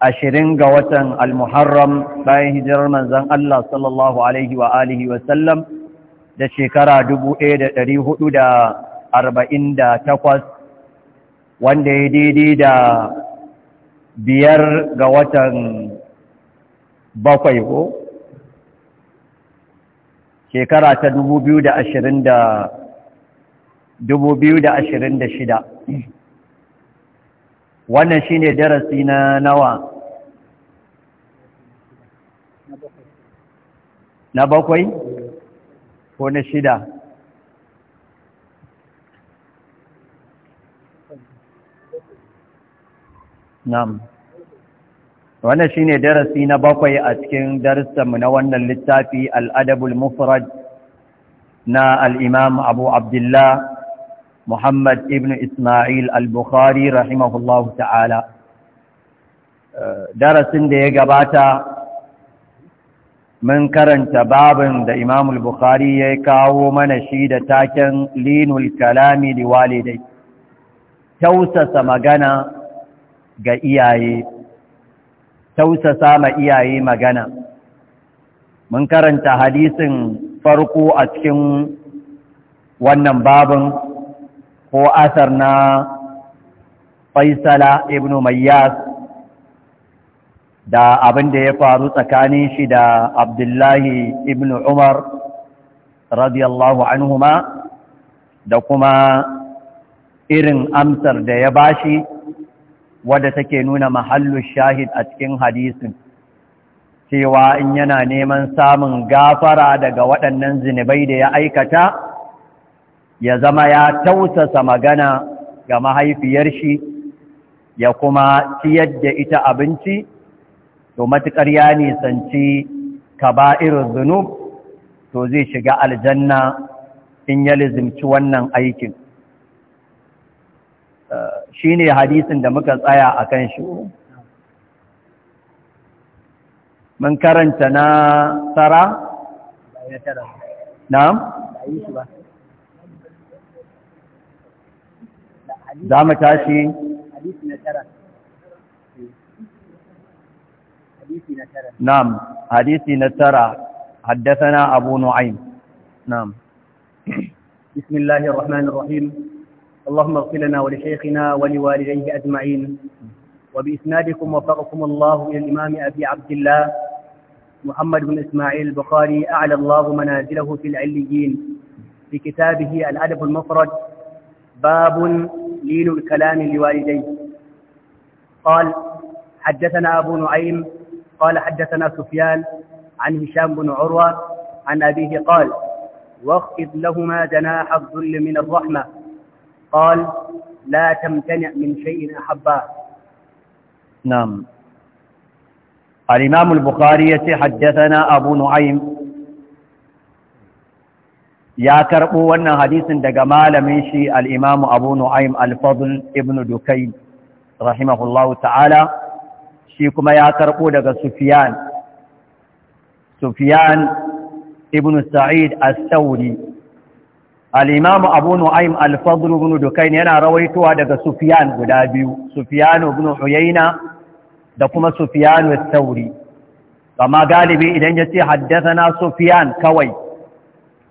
ashirin ga watan al-muharram bayan hijirar manzan Allah sallallahu Alaihi wa alihi wasallam da shekara takwas, wanda ya daidai da biyar ga watan bakwai ko shekara ta shida. wannan shi ne darasi na nawa na bakwai ko na shida na'am wannan shine darasi na bakwai a cikin darussanmu na wannan littafi al'adabul mufrad na al'imam abu abdullah muhammad ibn ismail al-bukhari rahimahullahu ta'ala darasin da ya gabata mun karanta babin da Imamul bukhari ya kawo mana shi da taken linul kalami da walidai tausasa magana ga iyaye tausasa ma iyaye magana mun karanta hadisin farko a cikin wannan babin ko asar na faisala Ibnu mayyas da abin da ya faru tsakanin shi da abdullahi ibn umar radiyallahu anhuma da kuma irin amsar da ya bashi wadda take nuna mahallu shahid a cikin hadisin cewa in yana neman samun gafara daga waɗannan zinubai da ya aikata ya zama ya tausasa magana ga mahaifiyar shi ya kuma ciyar da ita abinci to matuƙar ya nisanci ka irin zunub to zai shiga aljanna in ya lizimci wannan aikin uh, shi ne hadisin da muka tsaya a kan shi mun karanta na tsara? na? za mu tashi? na نعم حديثي نترى حدثنا أبو نعيم نعم بسم الله الرحمن الرحيم اللهم اغفر لنا ولشيخنا ولوالديه أجمعين وبإسنادكم وفقكم الله إلى الإمام أبي عبد الله محمد بن إسماعيل البخاري أعلى الله منازله في العليين في كتابه الأدب المفرد باب لين الكلام لوالديه قال حدثنا أبو نعيم قال حدثنا سفيان عن هشام بن عروة عن أبيه قال واخفض لهما جناح الذل من الرحمة قال لا تمتنع من شيء أحباه نعم الإمام البخاري حدثنا أبو نعيم يا كربو وأن حديث دجمال منشي الإمام أبو نعيم الفضل ابن دكين رحمه الله تعالى shi kuma ya karɓo daga Sufyan Sufyan ibn Sa'id as-Sauri al-Imam Abu Nu'aym al-Fadl ibn Dukayn yana rawaitowa daga Sufiyan guda biyu Sufyan ibn Uyayna da kuma Sufyan al sauri amma galibi idan ya yace na Sufiyan kawai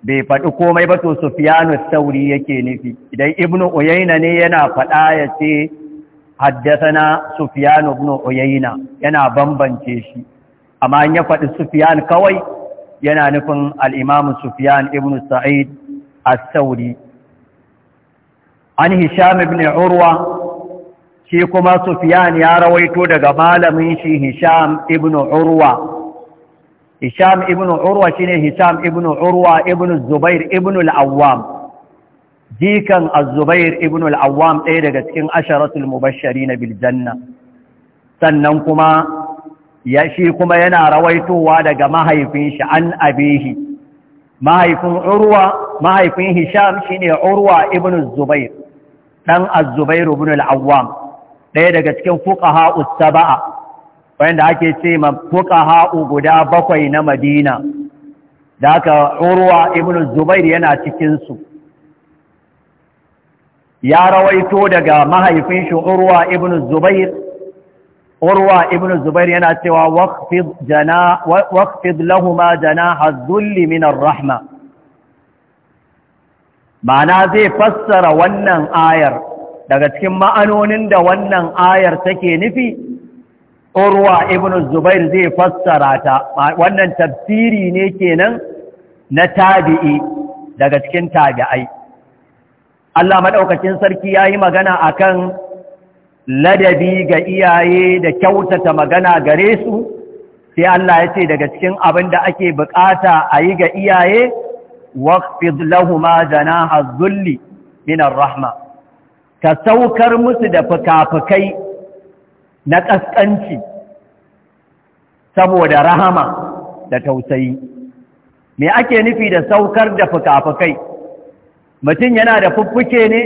bai faɗi komai ba to Sufyan al sauri yake nufi idan Ibn Uyayna ne yana faɗa ce. haddasana Sufiyan ibn Uyayna yana bambance shi amma an ya faɗi Sufiyan kawai yana nufin al-Imam Sufiyan ibn Sa'id as-Sauri an Hisham ibn Urwa shi kuma Sufiyan ya rawaito daga malamin shi Hisham ibn Urwa Hisham ibn Urwa shine Hisham ibn Urwa ibn Zubair ibn al-Awwam jikan azubair ibn al ɗaya daga cikin asharatul mubashari na Biljanna. sannan kuma ya shi kuma yana rawaitowa daga mahaifin shi an abihi mahaifin urwa mahaifin hisham shine urwa ibn az-zubair dan ibn al ɗaya daga cikin fuqaha us wanda ake ce ma fuqaha'u guda bakwai na Madina da aka Urwa ibn Zubair yana cikinsu. ya rawaito daga mahaifin shi urwa ibn zubair urwa ibn zubair yana cewa waqfid jana waqfid janaha dhulli min ar-rahma ma'ana zai fassara wannan ayar daga cikin ma'anonin da wannan ayar take nufi urwa ibn zubair zai fassara ta wannan tafsiri ne kenan na tabi'i daga cikin tabi'ai Allah maɗaukacin sarki ya yi magana a kan ladabi ga iyaye da kyautata magana gare su, sai Allah ya ce daga cikin abin da ake bukata a yi ga iyaye, waƙfid lahuma jana hazulli minan rahma, ka saukar musu da fuka-fukai na ƙasƙanci saboda rahama da tausayi. Me ake nufi da saukar da fuka mutum yana da fuffuke ne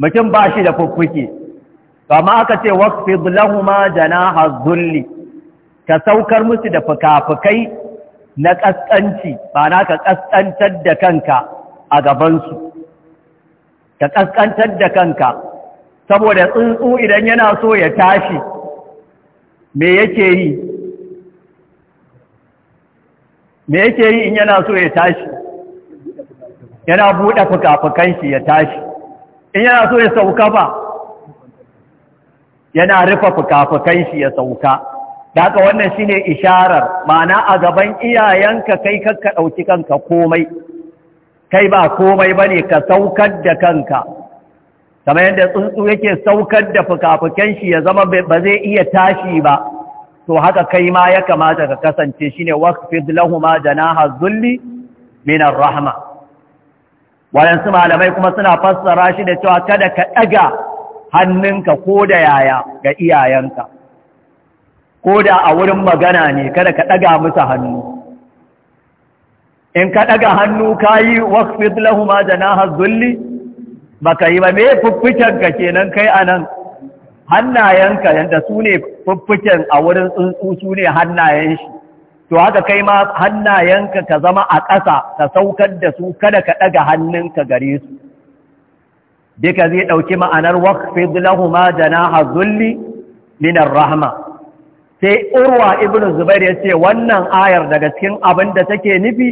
mutum ba shi da fuffuke ma aka ce ma da na dhulli ka saukar musu da fukafukai na kaskanci ba na ka kaskantar da kanka a gabansu ka kaskantar da kanka saboda tsuntsu idan yana so ya tashi me yake yi me yake yi in yana so ya tashi yana buɗe fuka-fukan shi ya tashi in yana so ya sauka ba yana rufe fuka-fukan shi ya sauka Da ka wannan shine isharar ma'ana a gaban iyayenka kai kanka ɗauki kanka komai kai ba komai bane ka saukar da kanka kamar yadda tsuntsu yake saukar da fuka-fukan shi ya zama ba zai iya tashi ba to haka kai ma ya kamata ka kasance shine waqfid da janaha zulli minar rahma waɗansu malamai kuma suna fassara shi da cewa kada ka ɗaga hannunka ko da yaya ga iyayenka ko da a wurin magana ne kada ka ɗaga musu hannu in ka ɗaga hannu ka yi waƙfid janaha da na ba yi ba me fuffukenka kenan kai anan? hannayenka yadda su ne fuffuken a wurin tsuntsu su ne hannayen shi to haka kai ma hannayenka ka zama a ƙasa ka saukar da su kada ka ɗaga hannunka gare su duka zai ɗauki ma'anar waqfid lahuma janaha zulli minar rahma sai urwa ibnu zubair ya ce wannan ayar daga cikin abin da take nufi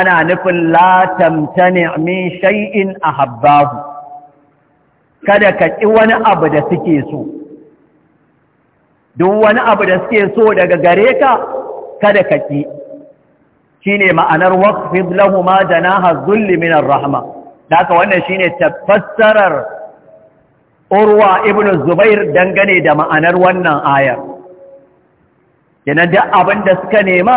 ana nufin la tamtani min shay'in ahabbahu kada ka ƙi wani abu da suke so duk wani abu da suke so daga gare ka kada ka ki shine ma'anar waqfid ma janaha dhulli min ar-rahma aka wannan shine tafassarar Urwa ibn Zubair dangane da ma'anar wannan ayar yana da abin da suka nema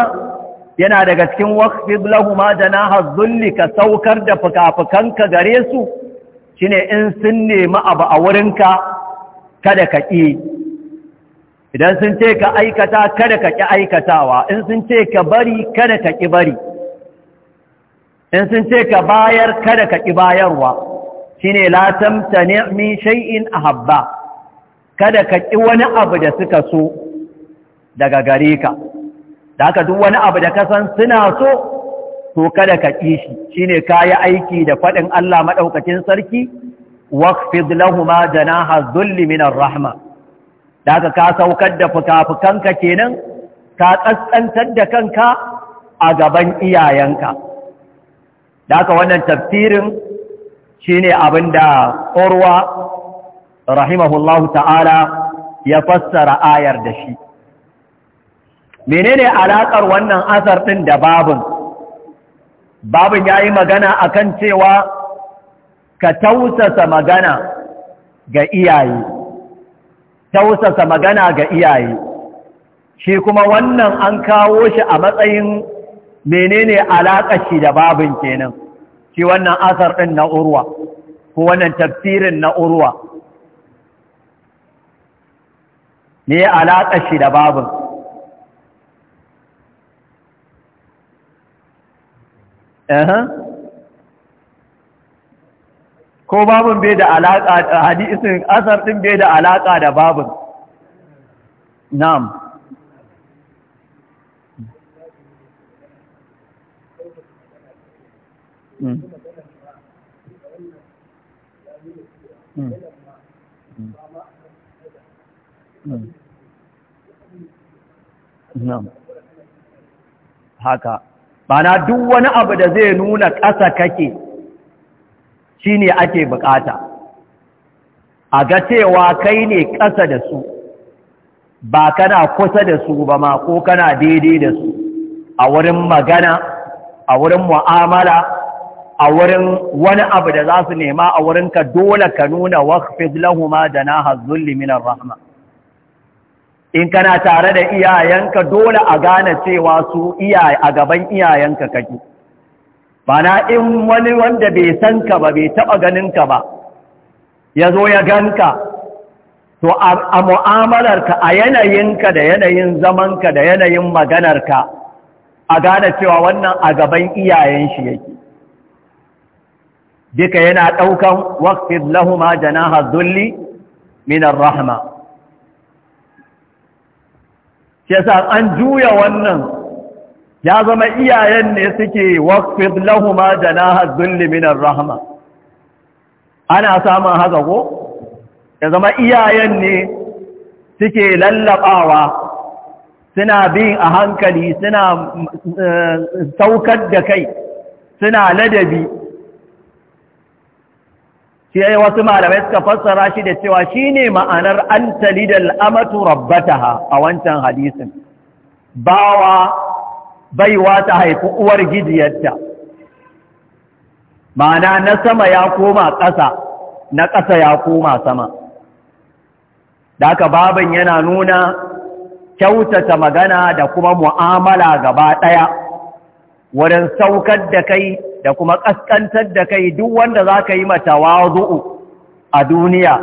yana daga cikin waqfid ma janaha dhulli ka saukar da fikafikanka gare su shine in sun nemi abu a wurinka kada ka ƙi idan sun ce ka aikata kada ka ƙi aikatawa in sun ce ka bari kada ka ƙi bari in sun ce ka bayar kada ka ƙi bayarwa shine la tamtani min shay'in ahabba kada ka ƙi wani abu da suka so daga gare ka da haka duk wani abu da ka san suna so to kada ka ƙi shi shine kayi aiki da faɗin Allah maɗaukacin sarki waqfid lahuma janaha dhulli minar rahma da aka ka saukar da fuka-fukanka kenan ka tsantsantar da kanka a gaban iyayenka da aka wannan tafsirin shine abin da ƙorwa rahimahullahu ta'ala ya fassara ayar da shi menene alaƙar wannan asar ɗin da babin babin ya yi magana akan cewa ka tausasa magana ga iyaye tausasa magana ga iyaye shi kuma wannan an kawo shi a matsayin menene alaƙa shi da babin kenan shi wannan asar ɗin na urwa ko wannan tafsirin na urwa ne alaƙa shi da babin Uh-huh. ko babun bai da alaƙa hadisin asar ɗin bai da alaƙa da babun na'am Mm. haka ba na haka bana duk wani abu da zai nuna ƙasa kake shi ne ake bukata a ga cewa kai ne ƙasa da su ba kana kusa da su ba ma ko kana daidai da su a wurin magana a wurin mu'amala a wurin wani abu da za su nema a wurin ka dole ka nuna waqfid lahuma janaha zulli min rahma in kana tare da iyayenka dole a gane cewa su iyaye a gaban iyayenka kake bana in wani wanda bai san ka ba bai taɓa ganin ka ba ya zo ya gan ka, to a mu'amalarka a yanayinka da yanayin zamanka da yanayin maganar ka, a gane cewa wannan a gaban iyayen shi yake duka yana ɗaukan waqfid lahuma janaha dhulli min ar-rahma shi yasa an juya wannan ya zama iyayen ne suke waqfid da janaha dhulli min rahma ana samun haka ko ya zama iyayen ne suke lallabawa suna bin a hankali suna eh, saukar da kai suna ladabi shi ya wasu malamai suka fassara shi da cewa shi ne ma'anar an talidal amatu rabbataha a wancan hadisin bawa baiwa ta haifi uwar gidiyarta ma'ana na sama ya koma ƙasa na ƙasa ya koma sama da aka babin yana nuna kyautata magana da kuma mu'amala gaba ɗaya wurin saukar da kai da kuma ƙasƙantar da kai duk wanda za ka yi mata wazu'u a duniya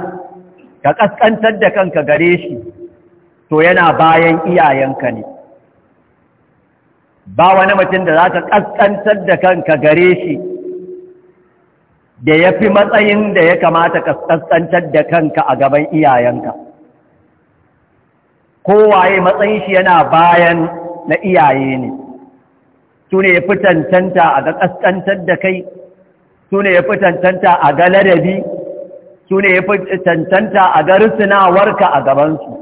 ka ƙasƙantar da kanka gare shi to yana bayan iyayenka ne ba wani mutum da za ka ƙasƙantar da kanka gare shi da ya fi matsayin da ya kamata ka ƙasƙantar da kanka a gaban iyayenka kowaye matsayin shi yana bayan na iyaye ne su ne ya fi tantanta a ga ƙasƙantar da kai su ne ya fi tantanta a ga ladabi su ne ya fi tantanta a ga rusunawarka a gabansu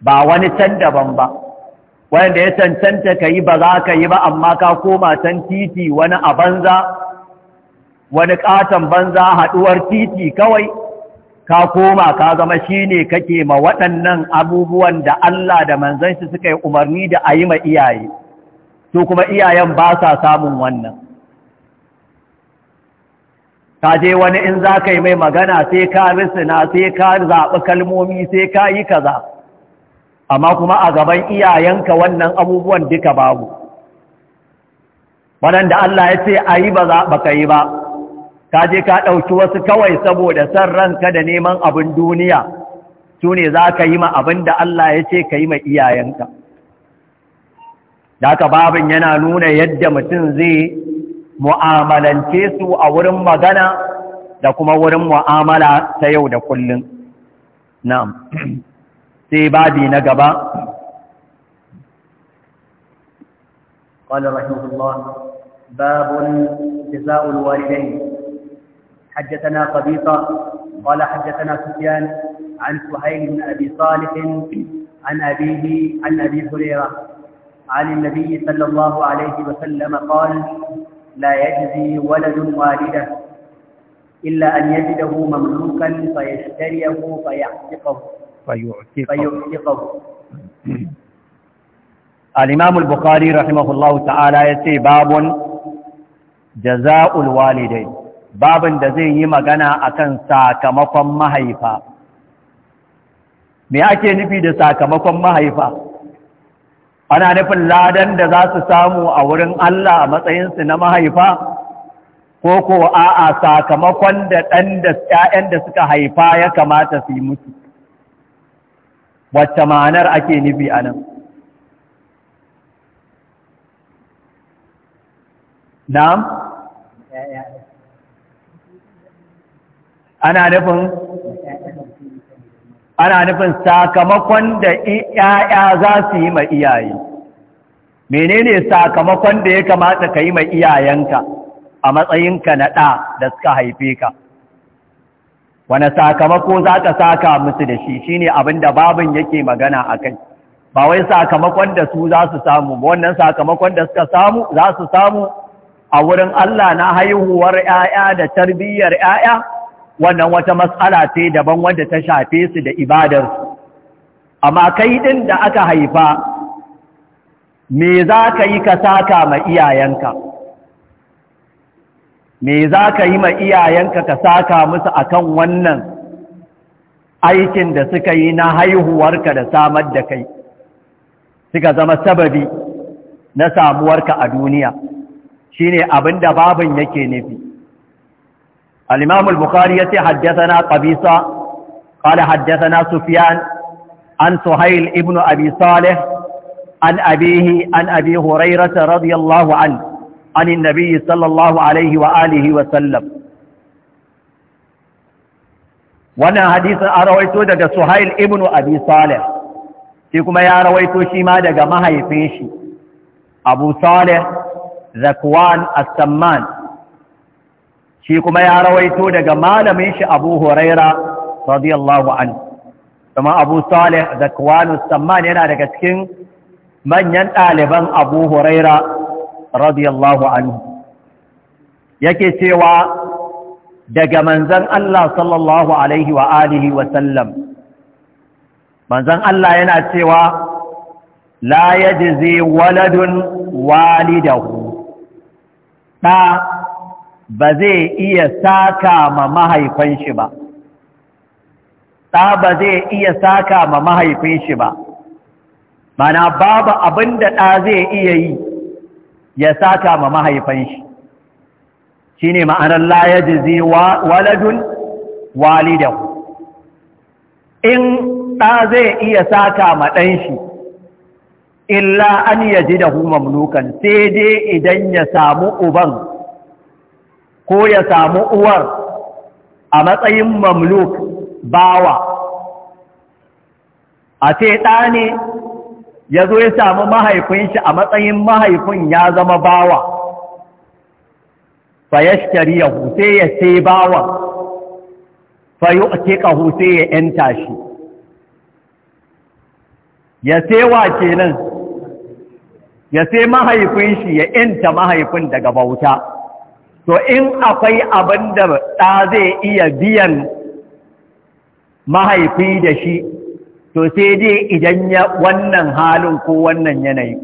ba wani can daban ba wanda ya cancanta ka yi ba za ka yi ba amma ka koma san titi wani a banza wani katon banza haɗuwar titi kawai ka koma ka zama shi ne kake ma waɗannan abubuwan da Allah da shi suka yi umarni da a yi ma iyaye to kuma iyayen ba sa samun wannan ka je wani in za ka yi mai magana sai ka risina sai ka zaɓi kalmomi sai ka yi kaza. amma kuma a gaban iyayenka wannan abubuwan duka babu waɗanda Allah ya ce a yi ba za ka yi ba ka je ka ɗauki wasu kawai saboda san ranka da neman abin duniya su ne za ka yi ma abin da Allah ya ce ka yi ma iyayenka da babin yana nuna yadda mutum zai mu'amalance su a wurin magana da kuma wurin mu'amala ta yau da kullum na'am sai babi na gaba قال رحمه الله باب جزاء الوالدين حدثنا قبيصة قال حدثنا سفيان عن سهيل بن أبي صالح عن أبيه عن أبي هريرة عن النبي صلى الله عليه وسلم قال لا يجزي ولد والده إلا أن يجده مملوكا فيشتريه فيعتقه fayyu'tiqahu al-imam al-bukhari rahimahullahu ta'ala yace babun jaza'ul walidai babin da zai yi magana akan sakamakon mahaifa me ake nufi da sakamakon mahaifa ana nufin ladan da za su samu a wurin Allah a matsayinsu na mahaifa ko ko a'a sakamakon da da suka haifa ya kamata su mutu wacce ma'anar ake nufi a nan na'am ana nufin ana nufin sakamakon da ‘ya'ya za su yi ma iyaye menene sakamakon da ya kamata ka yi ma iyayenka a matsayinka na ɗa da suka haife ka wane sakamako za ka saka musu da shi shi ne abin da babin yake magana a kai ba wai sakamakon da su za su samu ba wannan sakamakon da suka samu za su samu a wurin Allah na haihuwar 'ya'ya da tarbiyyar 'ya'ya wannan wata matsala ce daban wanda ta shafe su da ibadarsu amma kai ɗin da aka haifa me za ka yi ka saka ma iyayenka me za ka yi ma iyayenka ka saka musu a kan wannan aikin da suka yi na haihuwarka da samar da kai suka zama sababi na samuwarka a duniya shine abinda babin yake nufi al-imam al-bukhari yace haddathana qabisa qala haddathana sufyan an suhayl ibn abi salih an abihi an abi hurairah radiyallahu anhu عن النبي صلى الله عليه وآله وسلم وانا حديث أرويته دقى سهيل ابن أبي صالح فيكما يا رويته شما دقى ما هيفيشي أبو صالح ذكوان السمان فيكما يا رويته دقى ما لميش أبو هريرة رضي الله عنه كما أبو صالح ذكوان السمان هنا دقى سكين من ينقى لبن أبو هريرة radiyallahu anhu yake cewa daga manzan Allah sallallahu alaihi wa alihi wa sallam manzan Allah yana cewa la yajzi waladun walidahu ɗa ba zai iya saka ma mahaifin shi ba ɗa ba zai iya saka ma mahaifin shi ba mana babu abin da ɗa zai iya yi ya saka ma mahaifan shi shine ma'anar la yajzi waladun walidan in ɗa zai iya saka ma ɗan shi illa an yaji da mamlukan sai dai idan ya samu uban ko ya samu uwar a matsayin mamluk bawa a ce ɗa ne ya zo ya samu mahaifin shi a matsayin mahaifin ya zama bawa fa ya shari ya hute ya sai bawa fa yi ka hute ya ‘yanta shi ya ke nan, ya sai mahaifin shi ya ‘yanta mahaifin daga bauta to in akwai abin da ɗa zai iya biyan mahaifi da shi to sai dai idan ya wannan halin ko wannan yanayi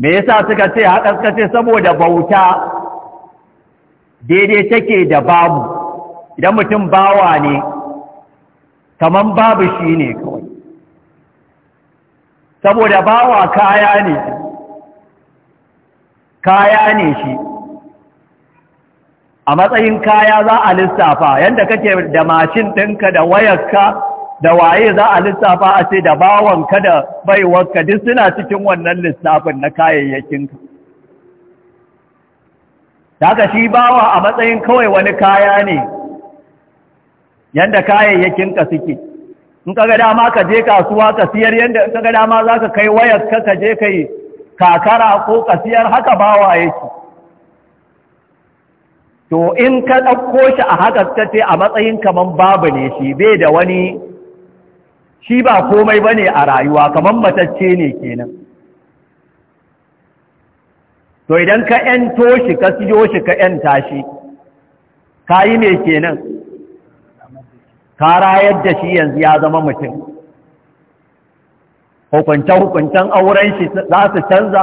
me yasa suka ce haka suka ce saboda bauta daidai take da babu idan mutum bawa ne kaman babu shi ne kawai saboda bawa kaya ne kaya ne shi a matsayin kaya za a lissafa yadda kake da mashin ɗinka da wayarka da waye za a lissafa a ce da bawanka da baiwarka duk suna cikin wannan lissafin na kayayyakinka daga shi bawa a matsayin kawai wani kaya ne yadda kayayyakinka suke in kaga dama ka je kasuwa ka siyar yadda in kaga dama za ka kai wayarka ka je kai kakara ko ka siyar haka bawa yake to in ka ɗauko shi a haka ce a matsayin kamar babu ne shi bai da wani shi ba komai ba ne a rayuwa kamar matacce ne kenan to idan ka yanto shi ka siyo shi ka yan tashi, ka yi me kenan ka rayar da shi yanzu ya zama mutum hukunce-hukuncen auren shi za su canza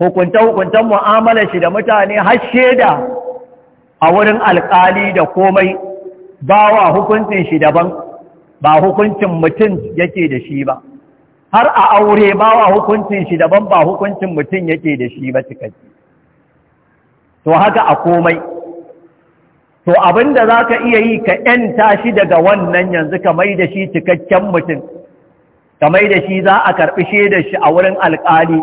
hukunta hukuncen mu'amalar shi da mutane har shaida a wurin alƙali da komai ba wa hukuncin shi daban ba hukuncin mutum yake da shi ba har a aure ba wa hukuncin shi daban ba hukuncin mutum yake da shi ba cikakke to haka a komai to abinda za ka iya yi ka ‘yanta shi daga wannan yanzu ka mai da shi cikakken mutum ka mai da shi za a karɓi da shi a wurin alƙali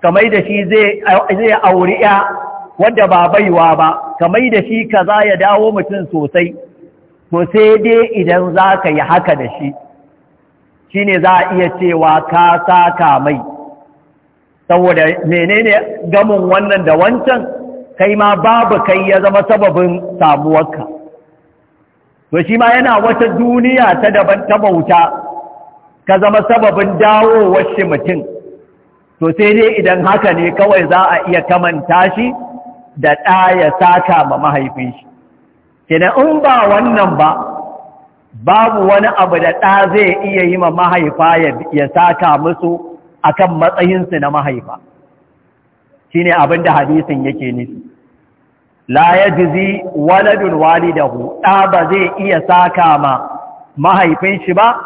ka mai da shi zai aure ‘ya’ Wanda ba baiwa ba ka mai da shi za ya dawo mutum sosai to sai dai idan za ka yi haka da shi shi ne za a iya cewa ka saka mai saboda menene gamin wannan da wancan kai ma babu kai ya zama sababin samuwarka to shi ma yana wata duniya ta daban ta bauta ka zama sababin dawowar shi mutum to sai dai idan haka ne kawai za a iya kamanta shi da ɗa ya saka ma mahaifin shi kina in ba wannan ba babu wani abu da ɗa zai iya yi ma mahaifa ya saka musu a kan matsayinsu na mahaifa shine abin da hadisin yake nisi. la jizi waladun walidahu ɗa ba zai iya saka ma mahaifin shi ba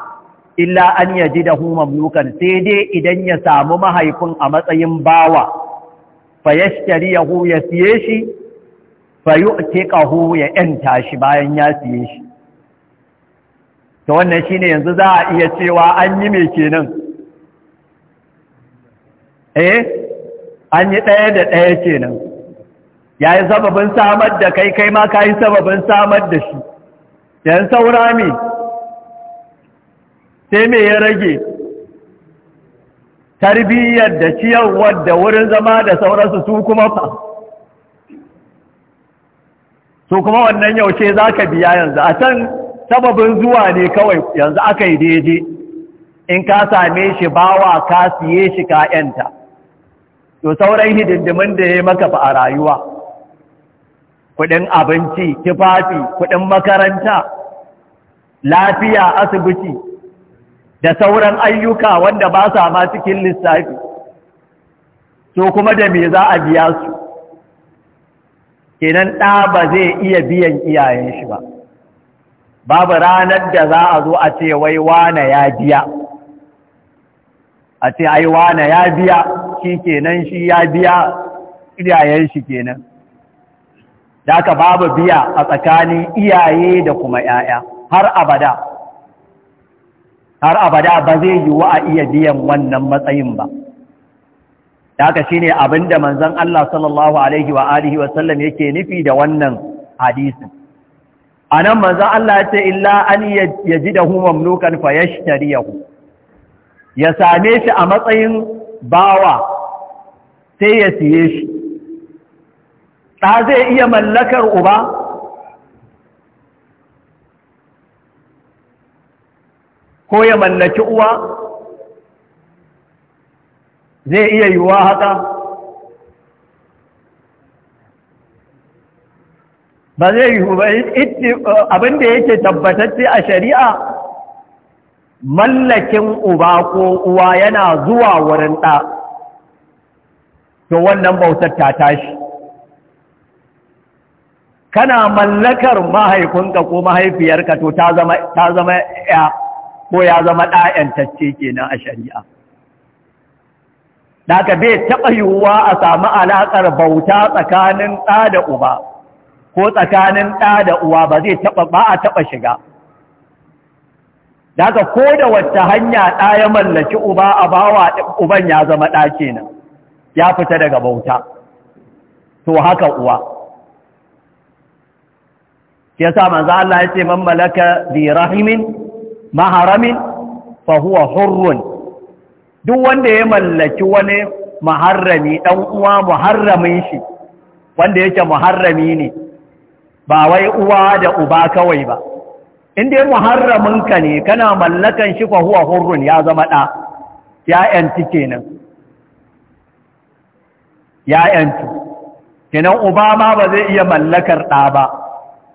illa an yaji da hu mamlukan sai dai idan ya samu mahaifin a matsayin bawa fa hu ya siye shi fa yu'tiqahu ya yanta shi bayan ya siye shi to wannan shine yanzu za a iya cewa an yi me kenan eh an yi ɗaya da ɗaya kenan yi sababin samar da kai kai ma kayi sababin samar da shi yan saura sai me ya rage tarbiyyar da ciyarwar da wurin zama da sauransu su kuma fa su kuma wannan yaushe za ka biya yanzu a can sababin zuwa ne kawai yanzu aka yi daidai in ka same shi bawa ka siye shi kayanta to sauran hidindimin da ya maka fa a rayuwa kudin abinci tufafi kudin makaranta lafiya asibiti da sauran ayyuka wanda ba sa ma cikin lissafi to kuma da me za a biya su kenan ɗa ba zai iya biyan iyayen shi ba babu ranar da za a zo a ce wai wane ya biya a ce ai wane ya biya shi kenan shi ya biya iyayen shi kenan da aka babu biya a tsakanin iyaye da kuma ‘ya'ya har abada har abada ba zai yi wa a iya biyan wannan matsayin ba da haka shine abinda manzon Allah sallallahu alaihi wa alihi wa sallam yake nufi da wannan hadisi anan manzon Allah ya ce illa an yajidahu mamlukan fayashtariyahu ya same shi a matsayin bawa sai ya siye shi ta zai iya mallakar uba ko ya mallaki uwa zai iya yiwuwa haka ba zai yiwu ba abinda yake tabbatacce a shari'a mallakin uba ko uwa yana zuwa wurin ɗa to wannan bautar ta tashi kana mallakar mahaifinka ko mahaifiyarka to ta zama ya ko ya zama ɗa'yantacce kenan a shari'a daga bai taɓa yiwuwa a sami alaƙar bauta tsakanin ɗa da uba ko tsakanin ɗa da uwa ba zai taɓa ba a taɓa shiga daga ko da wata hanya ɗa ya mallaki uba a bawa uban ya zama ɗa kenan ya fita daga bauta to haka uwa ya sa manzo Allah ya ce man malaka bi rahimin maharamin fahuwa hurrun duk wanda ya mallaki wani maharami ɗan uwa muharramin shi wanda yake muharrami ne ba wai uwa da uba kawai ba inda ya muharraminka ne kana mallakan shi fahuwa hurrun ya zama ɗa ya'yanci kenan ya'yanci kenan uba ma ba zai iya mallakar ɗa ba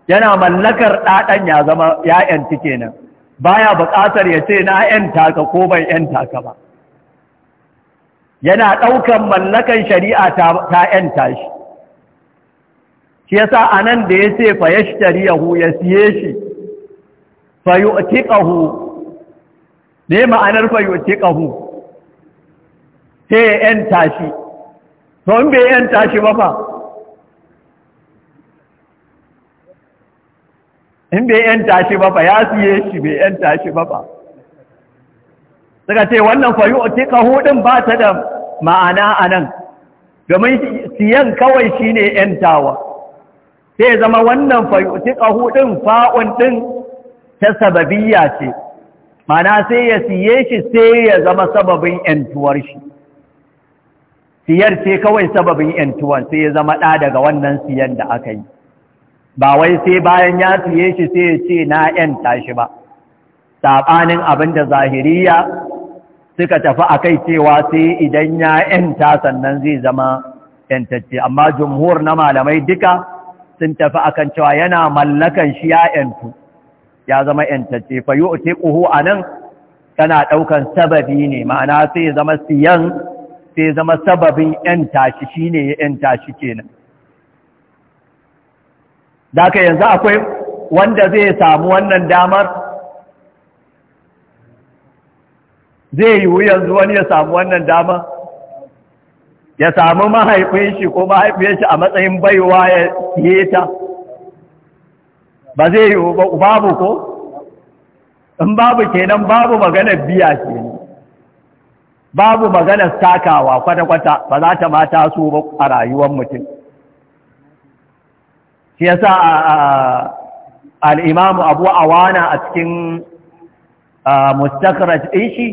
yana mallakar ɗaɗan ya zama ya'yanci kenan baya buƙatar ya ce na ‘yan taka ko ban ‘yan taka ba yana ɗaukan mallakan shari'a ta ‘yan tashi shi yasa a nan da ya ce fa ya shari'ahu ya siye shi fa yi otiƙahu ne ma'anar fa yi otiƙahu ta ‘yan tashi to in bai ‘yan tashi ba fa in bai yanta shi ba fa ya siye shi bai yanta shi ba ba. suka ce wannan fayu otika hudun ba ta da ma'ana a nan domin siyan kawai shi ne yantawa sai zama wannan fayu otika hudun fa'un ɗin ta sababiyya ce mana sai ya siye shi sai ya zama sababin yantuwar shi siyar ce kawai sababin yantuwar sai ya zama ɗa daga wannan siyan da aka yi ba wai sai bayan ya siye shi sai ya ce na 'yan tashi ba saɓanin abin da zahiriya suka tafi a kai cewa sai idan ya ‘yanta sannan zai zama ‘yantacce amma jumhur na malamai duka sun tafi a kan cewa yana mallakan shi ya ‘yantu ya zama ‘yantacce fa yi ote ƙuhu a nan tana ɗaukan sababi ne ma'ana sai zama siyan sai zama sababin ‘yanta shi shi ne ya ‘yanta shi kenan da yanzu akwai wanda zai samu wannan damar zai yiwu yanzu wani ya samu wannan damar ya samu mahaifin shi ko mahaifin shi a matsayin baiwa ya siye ta ba zai yiwu babu ko in babu kenan babu maganar biya kenan babu maganar sakawa kwata-kwata ba za ta mata su ba a rayuwar mutum shi yasa al’imamu abu abu awana a cikin mustakarar din shi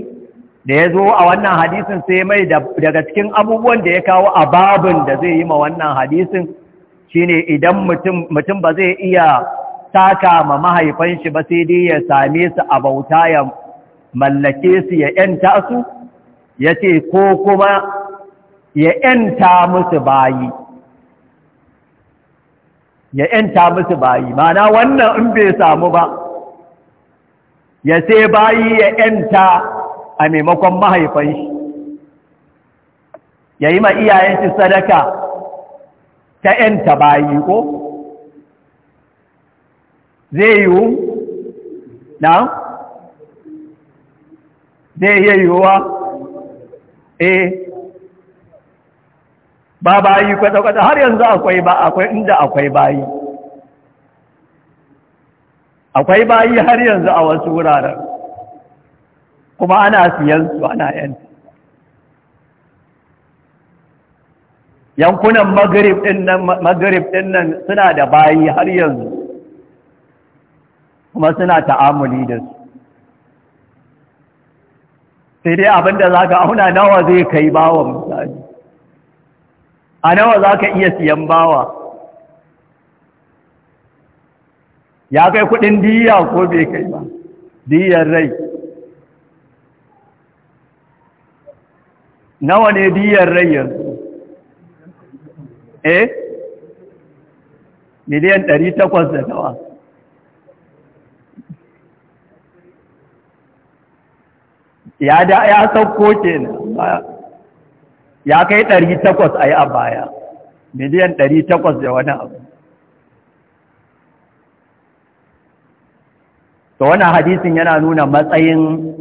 da ya zo a wannan hadisin sai mai daga cikin abubuwan da ya kawo a babin da zai yi ma wannan hadisin shine idan mutum ba zai iya taka ma mahaifan shi ba sai dai ya same su a bauta ya mallake su ya yanta su ya ce ko kuma ya yanta musu bayi ya ‘yanta musu bayi mana wannan in bai samu ba ya sai bayi ya ‘yanta a maimakon mahaifan shi ya yi ma sadaka ta ‘yanta bayi ko zai yiwu na zai iya yiwuwa eh ba bayi kwata-kwata har yanzu akwai ba akwai inda akwai bayi akwai bayi har yanzu a wasu wuraren kuma ana siyansu ana yan yankunan magrib din nan magrib din nan suna da bayi har yanzu kuma suna ta'amuli da su sai dai abinda zaka auna nawa zai kai bawon misali a nawa za ka iya siyan bawa ya kai kudin diya ko bai kai ba diyar rai nawa ne diyar rai yanzu eh miliyan ɗari takwas da nawa ya da ya sauko na. ya kai ɗari takwas a yi a baya miliyan ɗari takwas da wani abu to wani hadisin yana nuna matsayin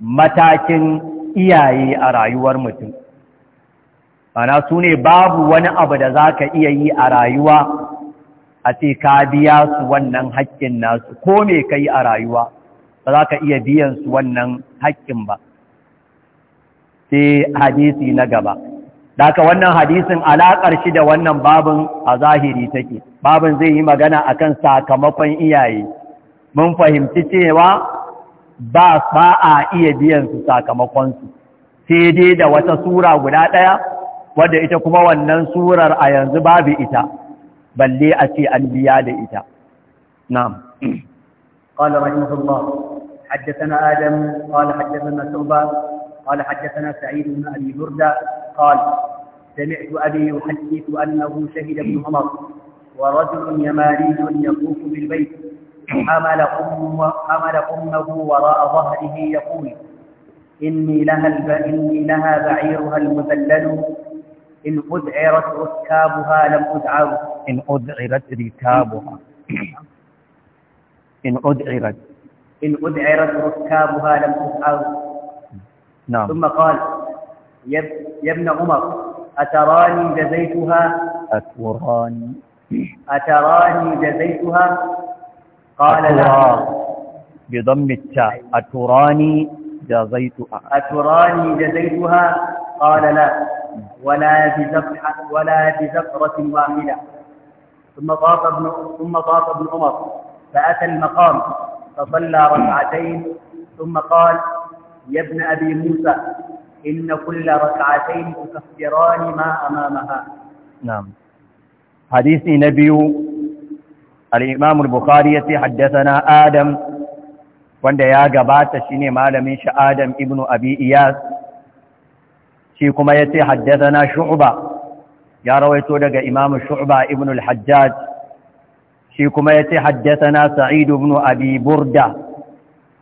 matakin iyaye a rayuwar mutum ana su ne babu wani abu da za ka iya yi a rayuwa a ce ka biya su wannan haƙƙin nasu ko me ka yi a rayuwa ba za ka iya biyan su wannan haƙƙin ba sai hadisi na gaba daga wannan hadisin alaƙar shi da wannan babin a zahiri take babin zai yi magana akan sakamakon iyaye mun fahimci cewa ba sa a iya biyan su sakamakonsu sai dai da wata sura guda ɗaya wadda ita kuma wannan surar a yanzu babu ita balle a ce an biya da ita na'am قال رحمه الله حدثنا آدم قال حدثنا شعبة قال حدثنا سعيد بن أبي بردة قال سمعت أبي يحدث أنه شهد ابن عمر ورجل يماني يطوف بالبيت حمل, امه حمل أمه وراء ظهره يقول إني لها, الب... إني لها بعيرها المذلل إن أذعرت ركابها لم أدعر إن أذعرت ركابها إن أذعرت إن أذعرت ركابها لم أدعر نعم ثم قال يا ابن عمر أتراني جزيتها أتراني أتراني جزيتها قال لا بضم التاء أتراني جزيتها أتراني جزيتها قال لا ولا بزفرة ولا بزفرة واحدة ثم طاف ابن ثم طاف ابن عمر فأتى المقام فصلى ركعتين ثم قال يا ابن أبي موسى إن كل ركعتين تكفران ما أمامها نعم حديث نبي الإمام البخاري حدثنا آدم وند يا غبات شيني مالم شي آدم ابن أبي إياس شي كما يتي حدثنا شعبة يا رويتو دغ إمام شعبة ابن الحجاج شي كما يتي حدثنا سعيد ابن أبي برده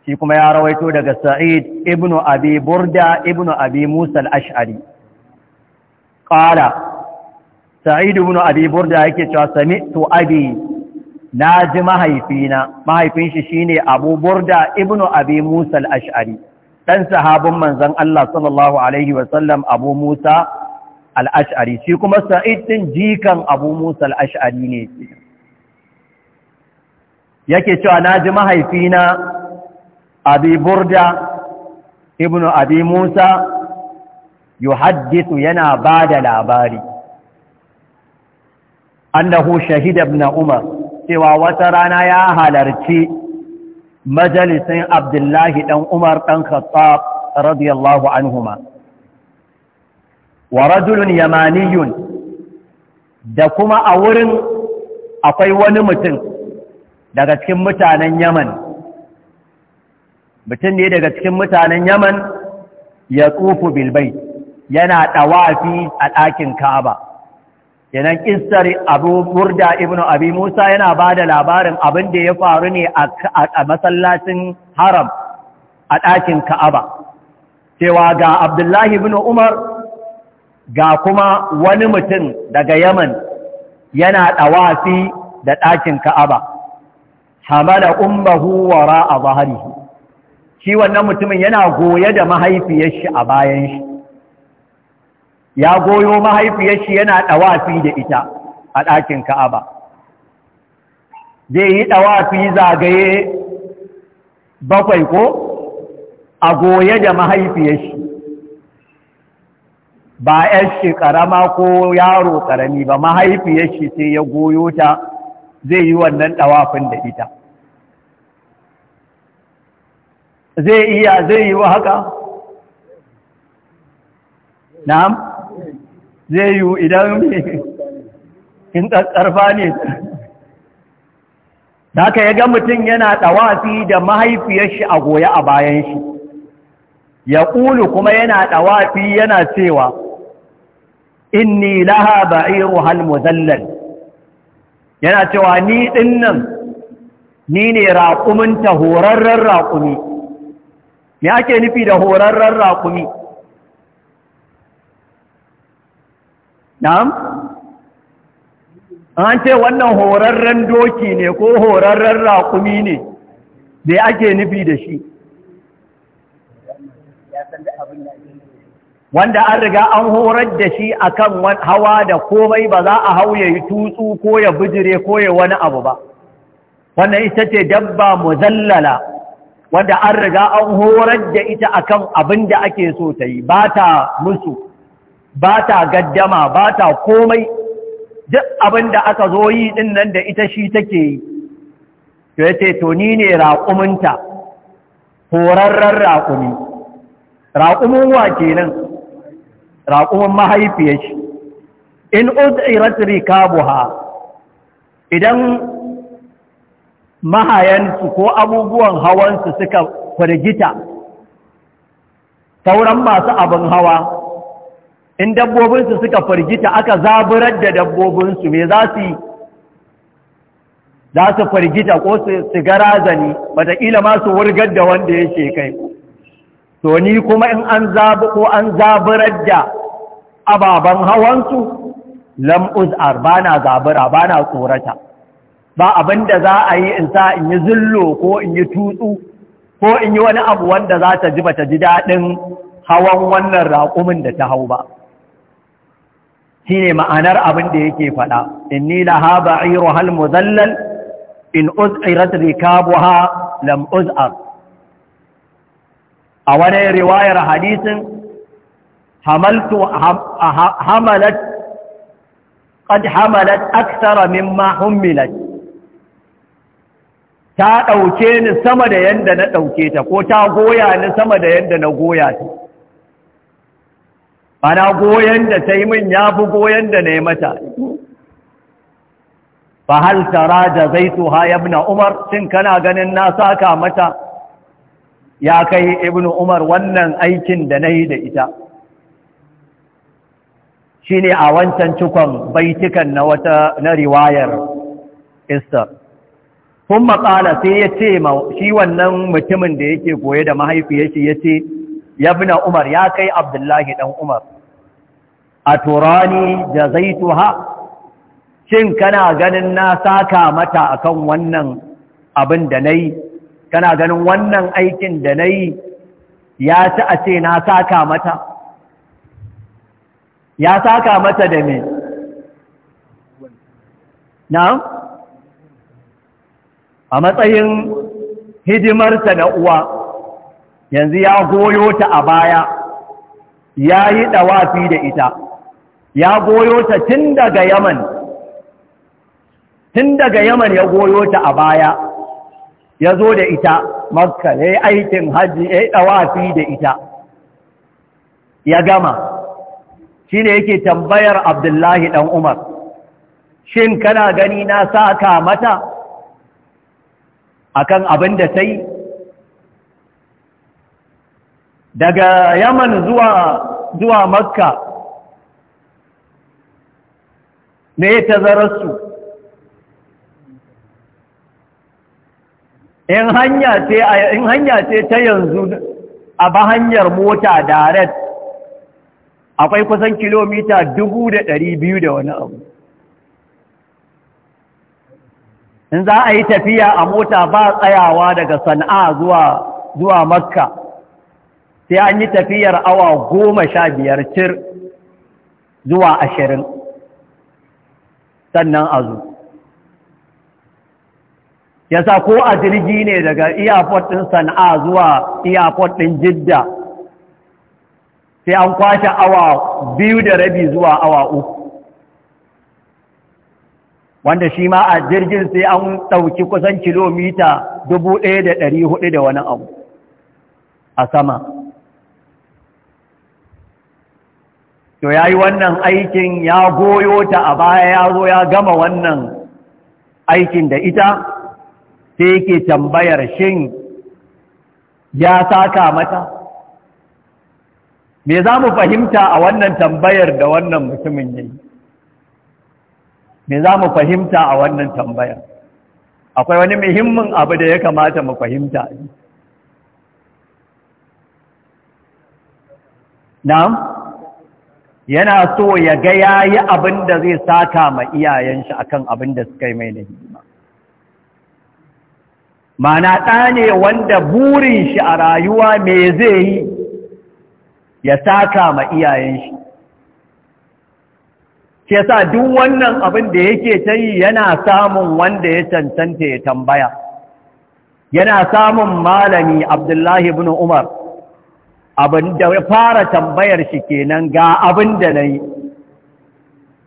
shi kuma ya rawaito daga sa'id ibnu abi burda ibn abi musa al-ash'ari qala sa'id ibnu abi burda yake cewa sami'tu abi naji mahaifina mahaifin shi shine abu burda ibn abi musa al-ash'ari dan sahabin manzon Allah sallallahu alaihi wa sallam abu musa al-ash'ari shi kuma sa'id din jikan abu musa al-ash'ari ne yake cewa naji mahaifina abi burda ibnu abi musa yuhaddithu yana bada labari annahu shahida ibn umar cewa wata rana ya halarci majalisin abdullahi dan umar dan khattab radiyallahu anhuma wa rajulun yamaniyun da kuma a wurin akwai wani mutum daga cikin mutanen yaman mutum ne daga cikin mutanen yaman ya tsufu bilbai yana ɗawafi a ɗakin ka'aba yanan ƙistar abu murda ibn abi musa yana ba da labarin abin da ya faru ne a masallacin haram a ɗakin ka'aba cewa ga abdullahi ibn umar ga kuma wani mutum daga yaman yana ɗawafi da ɗakin ka'aba hamala ummahu wara a zaharihi shi wannan mutumin yana goye da mahaifiyar a bayan shi ya goyo mahaifiyar yana ɗawafi da ita a ɗakin ka'aba zai yi ɗawafi zagaye bakwai ko a goye da mahaifiyar ba ‘yan shi ƙarama ko yaro karami ba mahaifiyar shi sai ya goyo ta zai yi wannan ɗawafin da ita zai iya zai yi wa haka na'am zai yi idan in ƙarfa ne da ya ga mutum yana ɗawafi da mahaifiyar shi a goya a bayan shi ya ƙulu kuma yana ɗawafi yana cewa inni laha ba'iru hal muzallal yana cewa ni nan, ni ne raƙumin ta horarren raƙumi me ake nufi da horarren raƙumi na'am an ce wannan horarren doki ne ko horarren raƙumi ne me ake nufi da shi wanda an riga an horar da shi akan hawa da komai ba za a hau ya yi tutsu ko ya bijire ko ya wani abu ba wannan ita ce dabba muzallala Wanda an riga an horar da ita akan abin da ake so ta yi ba ta musu ba ta gaddama ba ta komai duk abin da aka zo yi din nan da ita shi take yi to ya ce to ni ne raƙuminta horarren raƙumi raƙumin wa kenan raƙumin mahaifiyar shi in uz'irat rikabuha idan mahayansu ko abubuwan hawansu suka firgita sauran masu abin hawa in dabbobinsu suka firgita aka zaburar da dabbobinsu me za su za su firgita ko su sigara zani wataƙila ma su wurgar da wanda ya kai to ni kuma in an zabu ko an zaburar da ababen hawansu lam'uz'ar ba bana zabura ba tsorata ba abin da za a yi in sa in yi zullo ko in yi tutsu ko in yi wani abu wanda za ta ji ta ji daɗin hawan wannan raƙumin da ta hau ba shine ma'anar abin da yake faɗa inni laha ba'iru hal muzallal in uz'irat rikabuha lam uz'ar a wani riwayar hadisin hamaltu hamalat qad hamalat akthara mimma humilat ta ɗauke ni sama da yadda na ɗauke ta ko ta goya ni sama da yadda na goya ta ana goyon da ta yi min ya fi goyon da na yi mata ba hal tara da zaitu ha umar cin kana ganin na saka mata ya kai ibn umar wannan aikin da na yi da ita Shi ne a wancan cikon baitikan na wata na riwayar istar kun matsala sai ya ce ma shi wannan mutumin da yake koye da mahaifiyar shi ya ce ya bi umar ya kai abdullahi dan umar a turani da zai ha shin kana ganin na saka mata akan wannan abin da na yi kana ganin wannan aikin da na yi ya ci a ce na saka mata ya saka mata da me na a matsayin hidimarsa na uwa yanzu ya goyo ta a baya ya yi ɗawafi da ita ya goyo ta tun daga yaman tun daga yaman ya goyo ta a baya ya zo da ita makka ya yi aikin hajji ya yi ɗawafi da ita ya gama shi ne yake tambayar abdullahi ɗan umar shin kana gani na saka mata akan abin da ta daga yaman zuwa makka ne ta zararsu in hanya ce ta yanzu a ba hanyar mota direct akwai kusan kilomita dubu da ɗari biyu da wani abu in za a yi tafiya a mota ba tsayawa daga sana'a zuwa makka sai an yi tafiyar awa goma sha biyar cir zuwa ashirin sannan a zo yasa ko a jirgi ne daga iyafot ɗin sana'a zuwa iyafot ɗin jidda sai an kwashe awa biyu da rabi zuwa awa uku wanda shi ma a jirgin sai an ɗauki kusan kilomita dubu ɗaya da ɗari hudu da wani abu a sama to ya yi wannan aikin ya goyo ta a baya ya zo ya gama wannan aikin da ita sai yake tambayar shin ya saka mata me za mu fahimta a wannan tambayar da wannan mutumin yayi me za mu fahimta a wannan tambayar akwai wani muhimmin abu da ya kamata mu fahimta na'am yana so ya ga yayi abin da zai saka ma iyayen shi akan abin da suka yi mai na mana ɗa wanda burin shi a rayuwa me zai yi ya saka ma iyayen shi shi sa duk wannan abin da yake ta yi yana samun wanda ya cancanta ya tambaya yana samun malami abdullahi ibn umar abin da ya fara tambayar shi kenan ga abin da na yi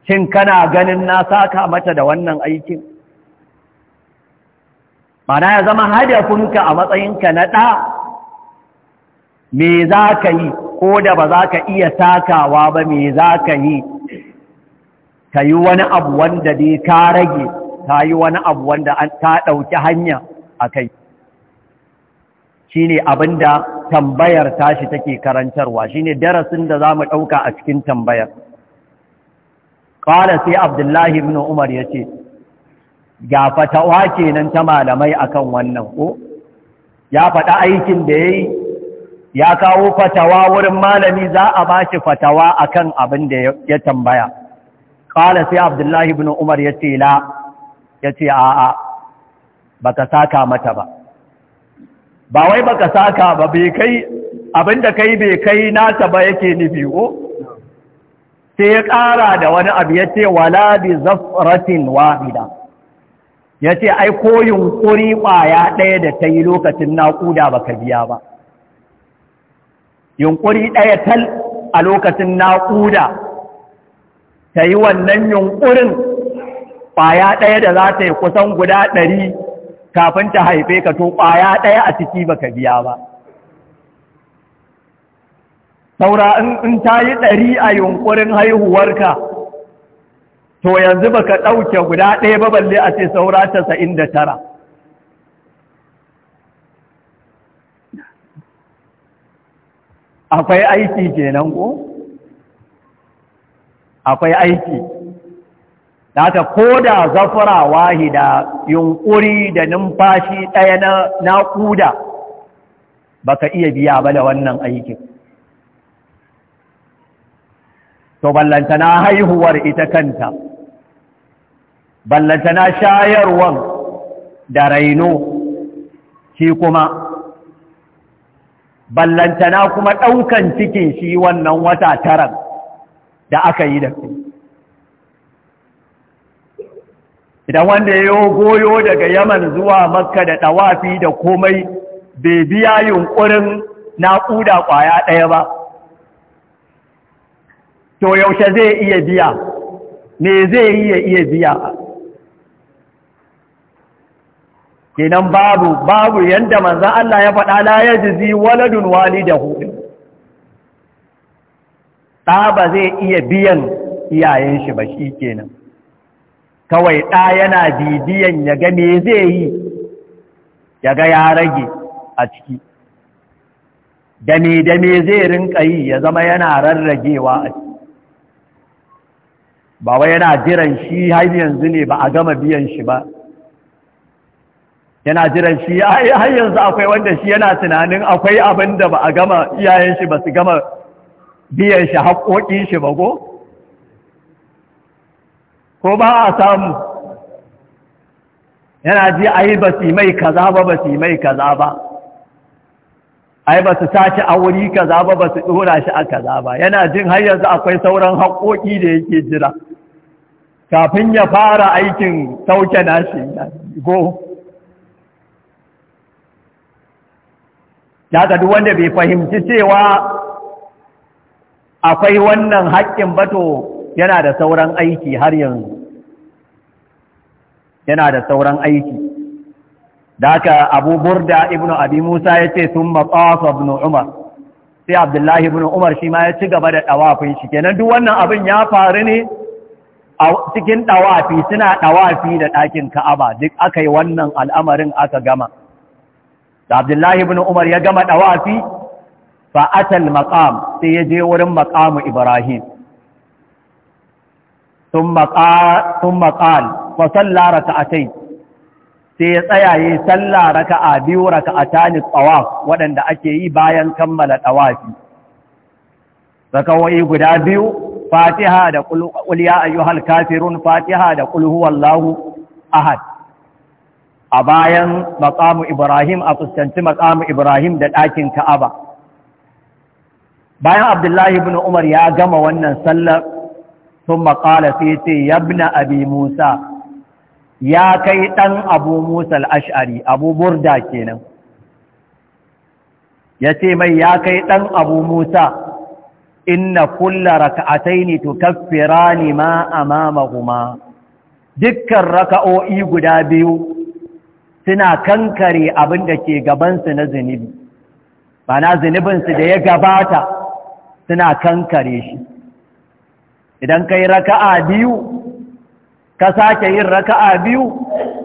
shin kana ganin na saka mata da wannan aikin mana ya zama hadafinka a matsayinka na ɗa me za ka yi ko da ba za ka iya sakawa ba me za ka yi Ta yi wani abu wanda dai ka rage ta yi wani abu wanda ta ɗauki hanya a kai shi ne abin da tambayar tashi take karantarwa shi ne darasin da za mu ɗauka a cikin tambayar ƙwada sai abdullahi ibn umar ya ce ga fatawa kenan ta malamai akan wannan ko ya faɗa aikin da ya yi ya kawo fatawa wurin malami za a ba shi fatawa akan abin da ya tambaya ƙala sai abdullahi bin umar ya ce la ya ce a'a baka saka mata ba ba wai baka saka ba bai kai abinda kai bai kai nata ba yake nufi ko sai ya ƙara da wani abu ya ce wala bi zafratin wahida ya ce ai ko yunƙuri ɓaya ɗaya da ta yi lokacin naƙuda ba ka biya ba yunƙuri ɗaya tal a lokacin naƙuda ta yi wannan yunkurin ƙwaya ɗaya da za ta yi kusan guda ɗari kafin ta haife ka to ƙwaya ɗaya a ciki ba ka biya ba saura in ta yi ɗari a yunkurin haihuwarka to yanzu ba ka ɗauke guda ɗaya ba balle a ce saura tasa'in da tara akwai aiki kenan ko? akwai aiki da haka ko da zafara wahida yunkuri da numfashi ɗaya na naƙuda ka iya biya ba da wannan aikin to ballanta na haihuwar ita kanta ballanta na shayarwan da raino shi kuma ballanta na kuma ɗaukan cikin shi wannan wata taran da aka yi da su idan wanda ya goyo daga yaman zuwa makka da ɗawafi da komai bai biya yunkurin naƙuda ƙwaya ɗaya ba to yaushe zai iya biya me zai iya iya biya kenan babu babu yadda manzan Allah ya faɗa la ya jizi waladun hudu. ɗa ba zai iya biyan iyayen shi ba shi kenan kawai ɗa yana bibiyan ya ga me zai yi ya ga ya rage a ciki da me da me zai rinka yi ya zama yana rarragewa a ciki ba wai yana jiran shi har yanzu ne ba a gama biyan shi ba yana jiran shi har yanzu akwai wanda shi yana tunanin akwai abin da ba a gama iyayen shi ba su gama biyan shi haƙoƙin shi ba ko? ko ba a samu yana ji a yi ba su mai kaza ba ba su mai kaza ba ai ba su sace a wuri kaza ba ba su ɗora shi a kaza ba yana jin har yanzu akwai sauran haƙoƙi da yake jira kafin ya fara aikin sauke nashi go ya ga duk wanda bai fahimci cewa akwai wannan haƙƙin bato yana da sauran aiki har yanzu yana da sauran aiki da haka abu burda ibn abi musa ya ce sun matsawa ibn umar sai abdullahi ibn umar shi ma ya ci gaba da ɗawafin shi kenan duk wannan abin ya faru ne a cikin ɗawafi suna ɗawafi da ɗakin ka'aba duk aka yi wannan al'amarin aka gama da abdullahi ibn umar ya gama ɗawafi fa'atal maƙam sai ya je wurin maƙamu ibrahim sun maƙal laraka a tai, sai ya tsayaye salla a biyu a tani tsawaf waɗanda ake yi bayan kammala tsawafi rakawai guda biyu fatiha da ƙulya a ayyuhal kafirun fatiha da ƙulhu wallahu ahad a bayan maƙamu ibrahim a fuskanci maƙamu ibrahim da ɗakin ka'aba bayan abdullahi ibn umar ya gama wannan sallar sun maƙala sai ce yabna abi musa ya kai ɗan abu musa al'ash'ari abu burda kenan ya ce mai ya kai ɗan abu musa inna kulla raka'ataini tukaffirani ma amamahuma dukkan raka'o'i guda biyu suna kankare abin da ke gabansu na zunubi ba na da ya gabata suna kankare shi idan ka yi raka'a biyu ka sake yin raka'a biyu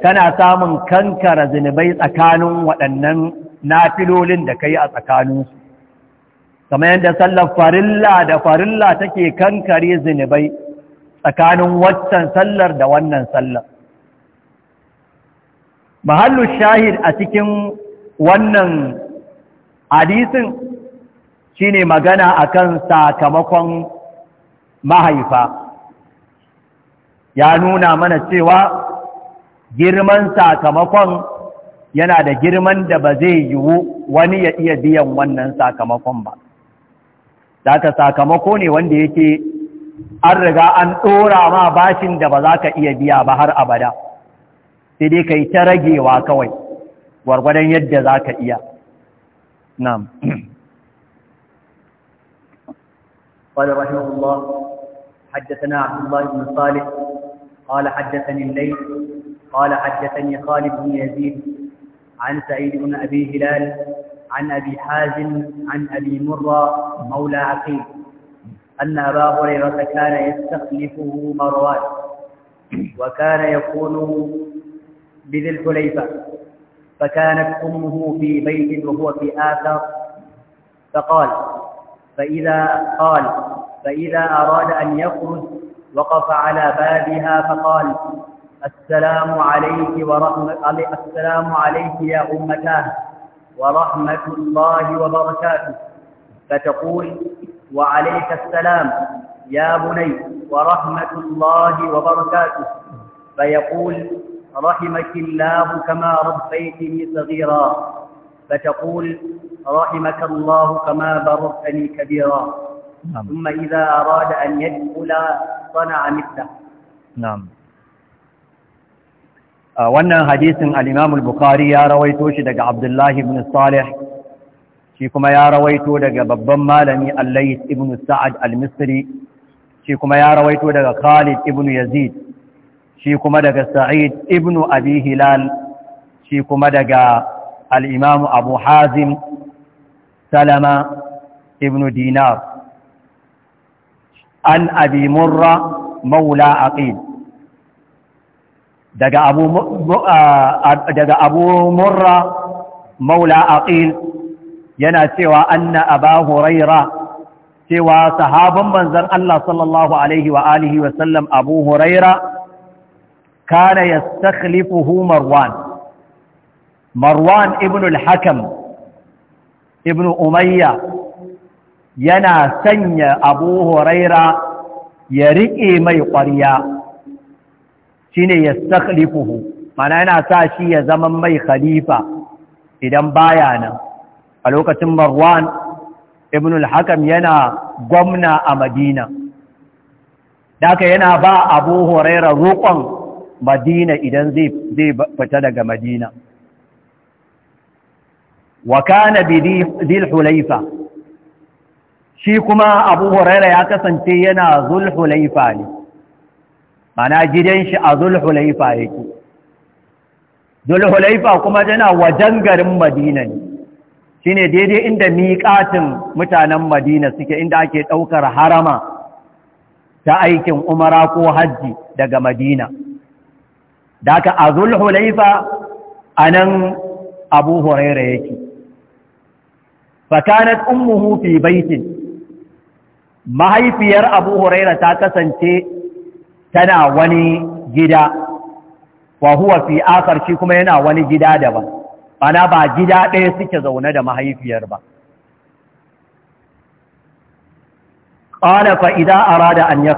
kana samun kankara zunubai tsakanin waɗannan nafilolin da ka yi a tsakaninsu Kama yadda sallar farilla da farilla take kankare zunubai tsakanin waccan sallar da wannan sallar mahallu shahid a cikin wannan hadisin shine magana akan sakamakon mahaifa ya nuna mana cewa girman sakamakon yana da girman da ba zai yiwu wani ya iya biyan wannan sakamakon ba zaka sakamako ne wanda yake an riga an ɗora ma bashin da ba za ka iya biya ba har abada sai dai ka yi ta ragewa kawai gwargwadon yadda za ka iya na قال رحمه الله حدثنا عبد الله بن صالح قال حدثني الليث قال حدثني خالد بن يزيد عن سعيد بن أبي هلال عن أبي حازم عن أبي مرة مولى عقيل أن أبا هريرة كان يستخلفه مروان وكان يكون بذي الحليفة فكانت أمه في بيت وهو في آثر فقال فإذا قال فإذا أراد أن يخرج وقف على بابها فقال السلام عليك ورحمة السلام عليك يا أمتاه ورحمة الله وبركاته فتقول وعليك السلام يا بني ورحمة الله وبركاته فيقول رحمك الله كما ربيتني صغيرا فتقول رحمك الله كما بررتني كبيرا نعم. ثم إذا أراد أن يدخل صنع مثله نعم wannan hadisin al-Imam al-Bukhari ya rawaito shi daga Abdullah ibn Salih shi kuma ya rawaito daga babban malami Al-Layth ibn Sa'ad al-Misri shi kuma ya rawaito daga Khalid ibn Yazid shi kuma daga Sa'id ibn Abi Hilal shi kuma daga al'imamu abu hazim salama ibn dinar an abi murra maula aqil daga abu murra maula aqil yana cewa anna aba huraira cewa sahabin manzan Allah sallallahu alaihi wa alihi wa sallam abu huraira kana yastakhlifuhu marwan marwan ibn al-hakam ibn umayya yana sanya abu huraira ya riƙe mai ƙwariya shi ne ya stakhlifuhu mana yana sa shi ya zama mai khalifa idan baya nan a lokacin marwan ibn al-hakam yana gwamna a madina daka yana ba abu huraira roƙon madina idan zai fita daga madina wa kana bidil hulayfa shi kuma abu huraira ya kasance yana Zul zulhulaifa ne mana gidan shi a Zul hulayfa yake hulayfa kuma tana wajen garin madina ne shine daidai inda miƙatin mutanen madina suke inda ake ɗaukar harama ta aikin umara ko hajji daga madina da aka a Zul Hulaifa anan abu huraira yake fakanat ummuhu fi baitin mahaifiyar abu huraira ta kasance tana wani gida wa huwa fi akar shi kuma yana wani gida daban ana ba gida ɗaya suke zaune da mahaifiyar ba ƙala fa'ida a rada an ya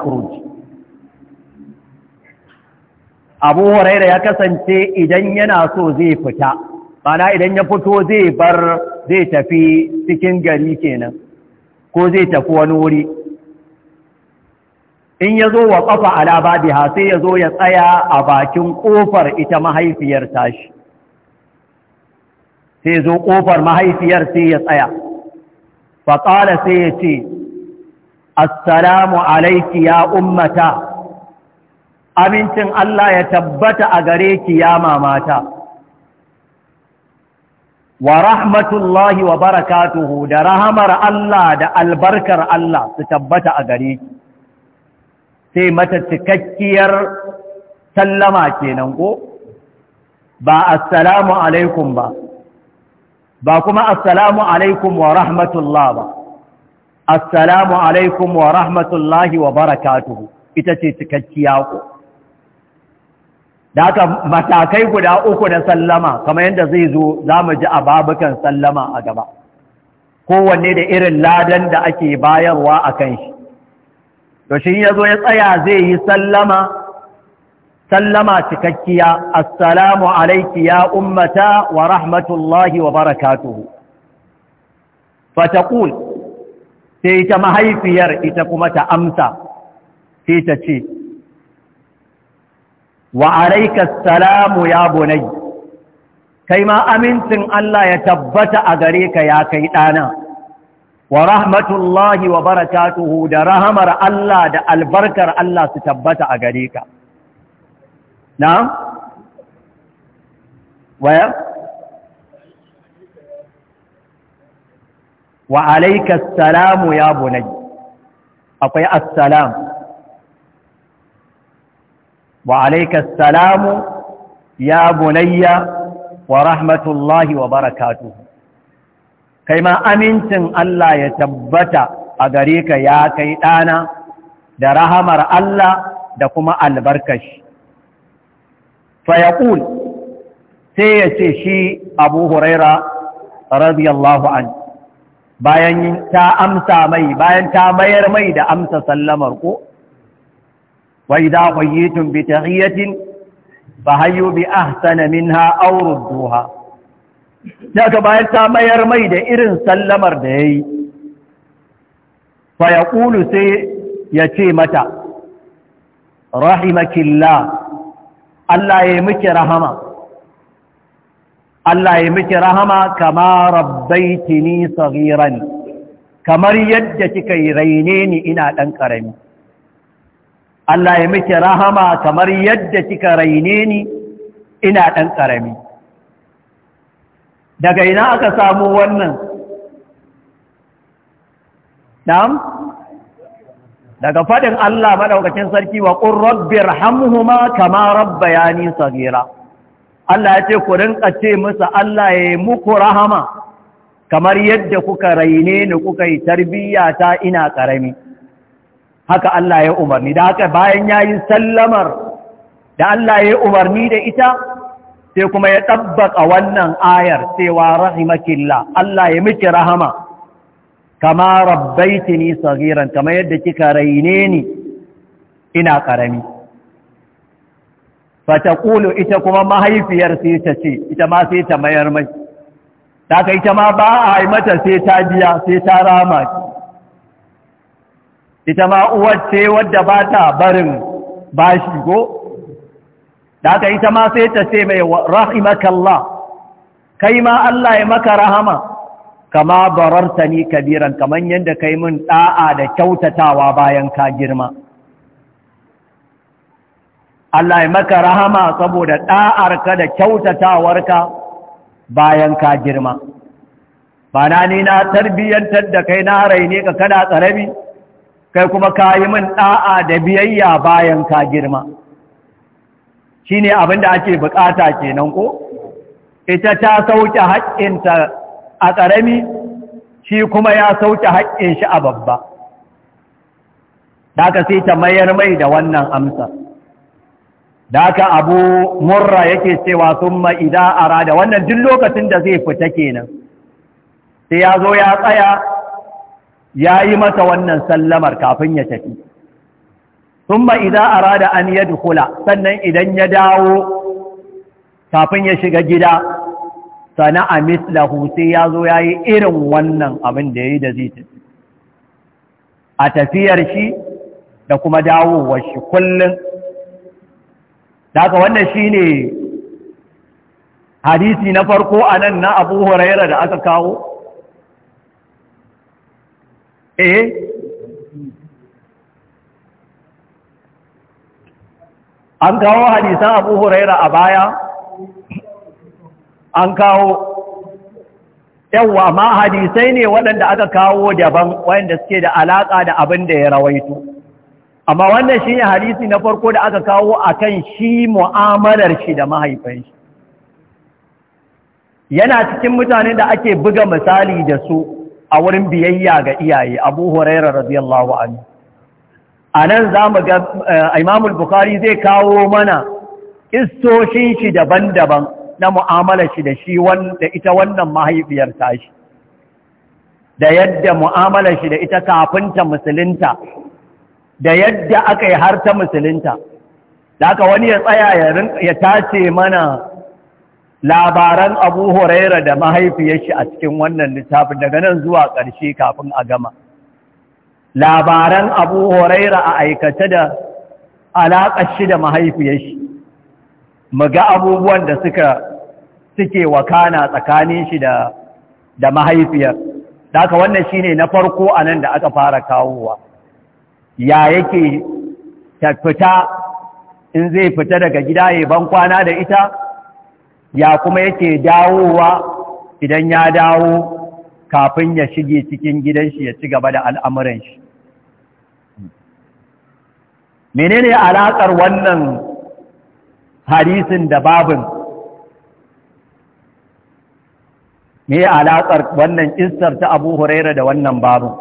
abu huraira ya kasance idan yana so zai fita mana idan ya fito zai bar zai tafi cikin gari kenan ko zai tafi wani wuri in ya zo wa ƙafa ha sai ya zo ya tsaya a bakin ƙofar ita mahaifiyar tashi sai zo ƙofar mahaifiyar sai ya tsaya faƙala sai ya ce assalamu alaiki ya ummata amincin Allah ya tabbata a gare ki ya mamata wa rahmatullahi wa barakatuhu da rahamar Allah da albarkar Allah su tabbata a gare ki sai mata cikakkiyar sallama kenan ko ba assalamu alaikum ba ba kuma assalamu alaikum wa rahmatullah ba assalamu alaikum wa rahmatullahi wa barakatuhu ita ce cikakkiya ko da haka matakai guda uku na sallama kamar yadda zai zo za mu ji a babukan sallama a gaba kowanne da irin ladan da ake bayarwa a kan shi to shi ya zo ya tsaya zai yi sallama sallama cikakkiya assalamu alaiki ya ummata wa rahmatullahi wa barakatuhu fataqul sai ta mahaifiyar ita kuma ta amsa sai ta ce wa alaika salamu ya bunai kai ma amincin Allah ya tabbata a gare ka ya kai ɗana wa rahmatullahi wa barakatuhu da rahamar Allah da albarkar Allah su tabbata a gare ka na? waya? wa alaika salamu ya bunai akwai assalam وعليك السلام يا بني ورحمة الله وبركاته كما أمنت الله يتبت أغريك يا كيدانا درهمر الله دكما البركش فيقول سيتي شي أبو هريرة رضي الله عنه bayan ta amsa mai bayan ta mayar mai da amsa sallamar ko وإذا حييتم بتحية فحيوا بأحسن منها أو ردوها daga bayan ta mayar mai da irin sallamar da ya yi fa ya sai ya ce mata rahimakillah Allah ya miki rahama Allah ya miki rahama kama rabbaitini saghiran kamar yadda kika yi raine ni ina ɗan ƙarami Allah ya miki rahama kamar yadda kika raine ni ina ɗan ƙarami daga ina aka samu wannan na'am daga faɗin Allah maɗaukacin sarki wa qur rabbir hamhuma kama rabbayani saghira Allah ya ce ku rinka ce masa Allah ya yi muku rahama kamar yadda kuka raine ni kuka yi tarbiyyata ina ƙarami haka Allah ya umarni da haka bayan yayi sallamar da Allah ya umarni da ita sai kuma ya tabbaka wannan ayar cewa rahimakilla Allah ya miki rahama kama rabbaitini saghiran kama yadda kika raine ni ina karami fataqulu ita kuma mahaifiyar sai ta ce ita ma sai ta mayar mai ta kai ita ma ba a yi mata sai ta biya sai ta rama ita ma uwar ce wadda ba ta barin bashi ko da aka ita ma sai ta ce mai rahimakallah kai ma Allah ya maka rahama kama bararta ni kabiran kamar yadda kai mun da'a da kyautatawa bayan ka girma Allah ya maka rahama saboda ɗa'arka da kyautatawarka bayan ka girma. Bana ni na tarbiyyantar da kai na raine ka kana tsarabi? kai kuma ka yi min ɗa'a da biyayya bayan ka girma shi ne abin da ake bukata kenan ko ita ta sauke haƙƙinta a ƙarami shi kuma ya sauke haƙƙin shi a babba da ka sai ta mayar mai da wannan amsa da ka abu murra yake cewa sun ma'ida a rada wannan duk lokacin da zai fita kenan sai ya zo ya tsaya ya yi masa wannan sallamar kafin ya tafi sun ba idan arada an ya dukula sannan idan ya dawo kafin ya shiga gida a mislahu sai ya zo ya yi irin wannan abin da ya yi da zai tafi a tafiyar shi da kuma dawowar shi kullum daga wannan shi ne hadisi na farko a nan na abu huraira da aka kawo eh an kawo hadisan abu huraira a baya an kawo yawwa ma hadisai ne waɗanda aka kawo daban waɗanda suke da alaƙa da abin da ya rawaito amma wannan shi ne hadisi na farko da aka kawo akan shi mu'amalar shi da mahaifin shi yana cikin mutanen da ake buga misali da su a wurin biyayya ga iyaye abu huraira radiyallahu anhu a nan za mu ga eh, imamul bukari zai kawo mana istoshin shi daban-daban na mu'amala shi da shi ita wannan mahaifiyar tashi da yadda mu'amala shi da ita kafinta musulunta da yadda aka yi har ta musulunta da aka wani ya tsaya ya tace mana labaran abu huraira da mahaifiyarshi a cikin wannan littafin daga nan zuwa ƙarshe kafin a gama labaran abu huraira a aikata da alaƙar shi da mahaifiyar shi muga abubuwan da suka suke wakana tsakanin shi da da mahaifiyar daga wannan shine na farko a nan da aka fara kawowa ya yake ta fita in zai fita daga gida ya ban kwana da ita ya kuma yake dawowa idan ya dawo kafin ya shige cikin gidan shi ya ci gaba da al'amuran shi menene alaƙar wannan hadisin da babin me alaƙar wannan istar ta abu huraira da wannan babin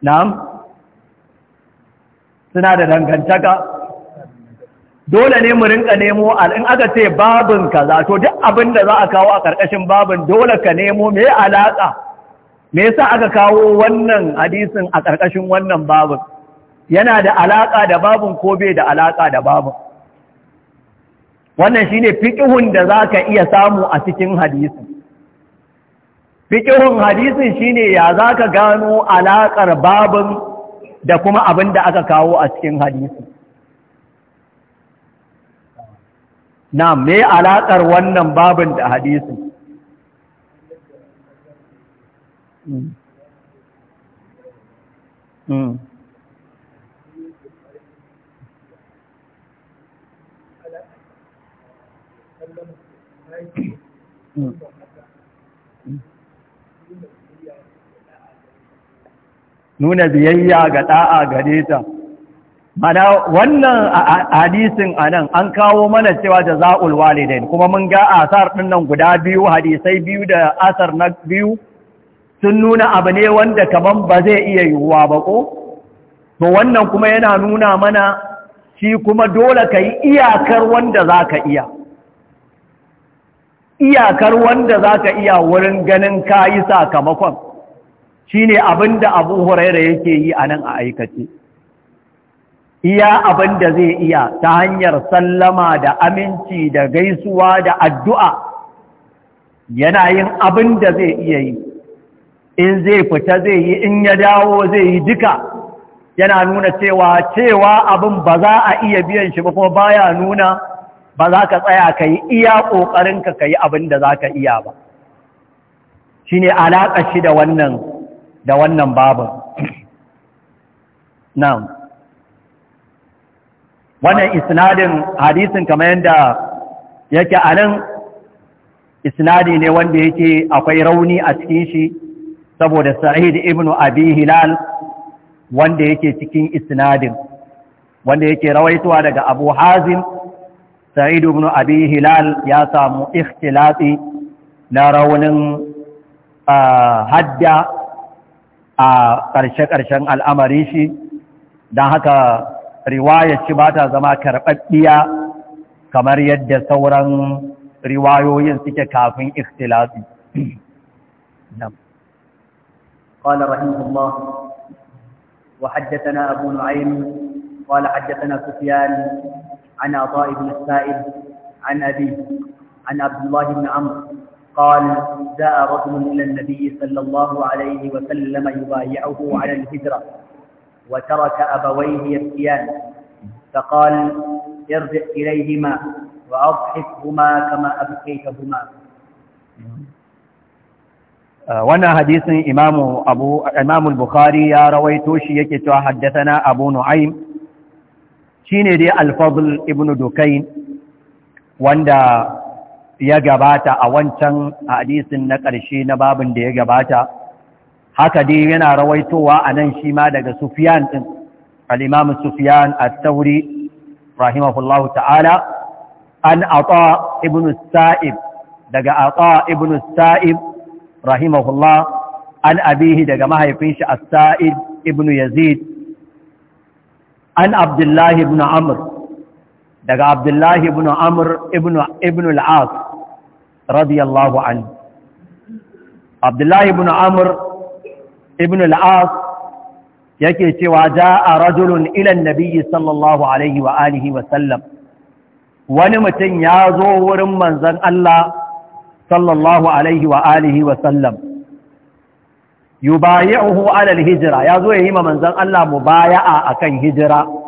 na'am suna da dangantaka dole ne mu rinka nemo in aka ce babin kaza to duk abin da za a kawo a karkashin babin dole ka nemo me alaka me yasa aka kawo wannan hadisin a karkashin wannan babin yana da alaƙa da babin ko bai da alaka da babin wannan shine fiƙihun da zaka iya samu a cikin hadisin Fiƙihun hadisin shine ya zaka gano alaƙar babin da kuma abin da aka kawo a cikin hadisi na me alaƙar wannan babin da hadisi Mm. nuna biyayya ga ɗa'a gare ta mana wannan hadisin a nan an kawo mana cewa da za'ul walidain kuma mun ga asar ɗin nan guda biyu hadisai biyu da asar na biyu sun nuna abu ne wanda kamar ba zai iya yiwuwa ba ko to wannan kuma yana nuna mana shi kuma dole ka yi iyakar wanda za ka iya iyakar wanda za ka iya wurin ganin ka yi sakamakon Shi ne abin da Abu Huraira yake yi anan a aikace iya abin da zai iya ta hanyar sallama da aminci da gaisuwa da addu'a yana yin abin da zai iya yi in zai fita zai yi in ya dawo zai yi duka yana nuna cewa cewa abin ba za a iya biyan shi ba kuma baya nuna ba za ka tsaya ka yi iya ƙoƙarinka ka yi abin da za ka iya ba shi ne alaƙa shi da wannan da wannan babu nan wannan isnadin hadisin kamar yadda yake a nan isnadi ne wanda yake akwai rauni a cikin shi saboda sa'id ibn abi hilal wanda yake cikin isnadin wanda yake rawaitowa daga abu hazim sa'id ibn abi hilal ya samu ikhtilati na raunin ah, hadda a ƙarshe-ƙarshen al'amari shi don haka riwayar ci ba ta zama karɓaɓɓiya kamar yadda sauran riwayoyin suke kafin ikhtilafi. قال رحمه الله وحدثنا أبو نعيم قال حدثنا سفيان عن عطاء بن السائب عن أبيه عن عبد الله بن عمرو قال جاء رجل إلى النبي صلى الله عليه وسلم يبايعه على الهجرة وترك أبويه يبكيان فقال ارجع إليهما وأضحكهما كما أبكيتهما wannan hadisin imamu abu imamu al-bukhari ya rawaito shi yake cewa haddathana abu nu'aym shine dai al-fadl ibn dukayn wanda ya gabata a wancan hadisin na ƙarshe na babin da ya gabata haka dai yana rawaitowa a nan shi ma daga sufiyan ɗin al'imamu sufiyan a tauri rahimahullahu ta'ala an aqa ibn sa'ib daga aqa ibn sa'ib rahimahullah an abihi daga mahaifin shi as-sa'id ibn yazid an abdullahi ibn amr daga abdullahi ibn Amur ibn al'as radiyallahu an abdullahi ibn Amur ibn al'as yake cewa a rajulun ilan nabiyyi sallallahu alaihi wa alihi wa sallam wani mutum ya zo wurin manzan Allah sallallahu alaihi wa alihi wa sallam yubayi'uhu ala al-hijra ya zo ya yi ma manzan Allah mu mubaya'a akan hijira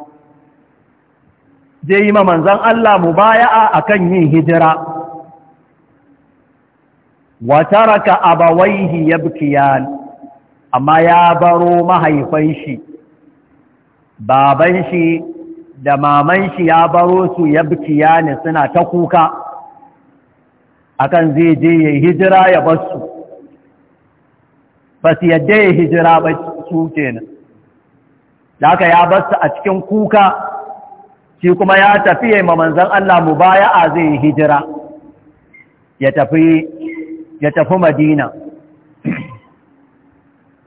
zai yi ma manzan Allah mu baya a kan yin hijira wata raka abawaihi ya bukiyan amma ya baro mahaifan shi baban da maman shi ya baro su ya suna ta kuka akan zai je ya hijira ya basu ba su yadda ya hijira ba su kenan da aka ya basu a cikin kuka shi kuma ya tafi ya manzan Allah mu baya a zai hijira ya tafi madina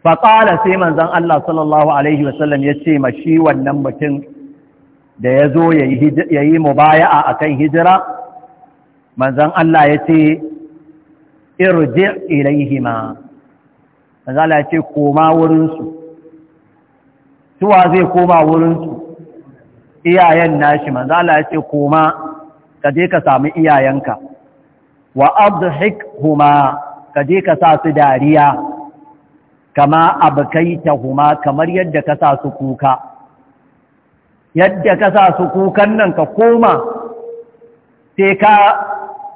faƙala sai manzan Allah sallallahu Alaihi wasallam ya ce ma shi wannan mutum da ya zo ya yi mu baya a kan hijira manzan Allah ya ce irji ilaihima manzan Allah ya ce koma wurinsu tuwa zai koma wurinsu iyayen nashi manzo Allah ya ce koma ka je ka samu iyayenka wa adhikhuma ka je ka sa su dariya kama abkaitahuma kamar yadda ka sa su kuka yadda ka sa su kukan nan ka koma sai ka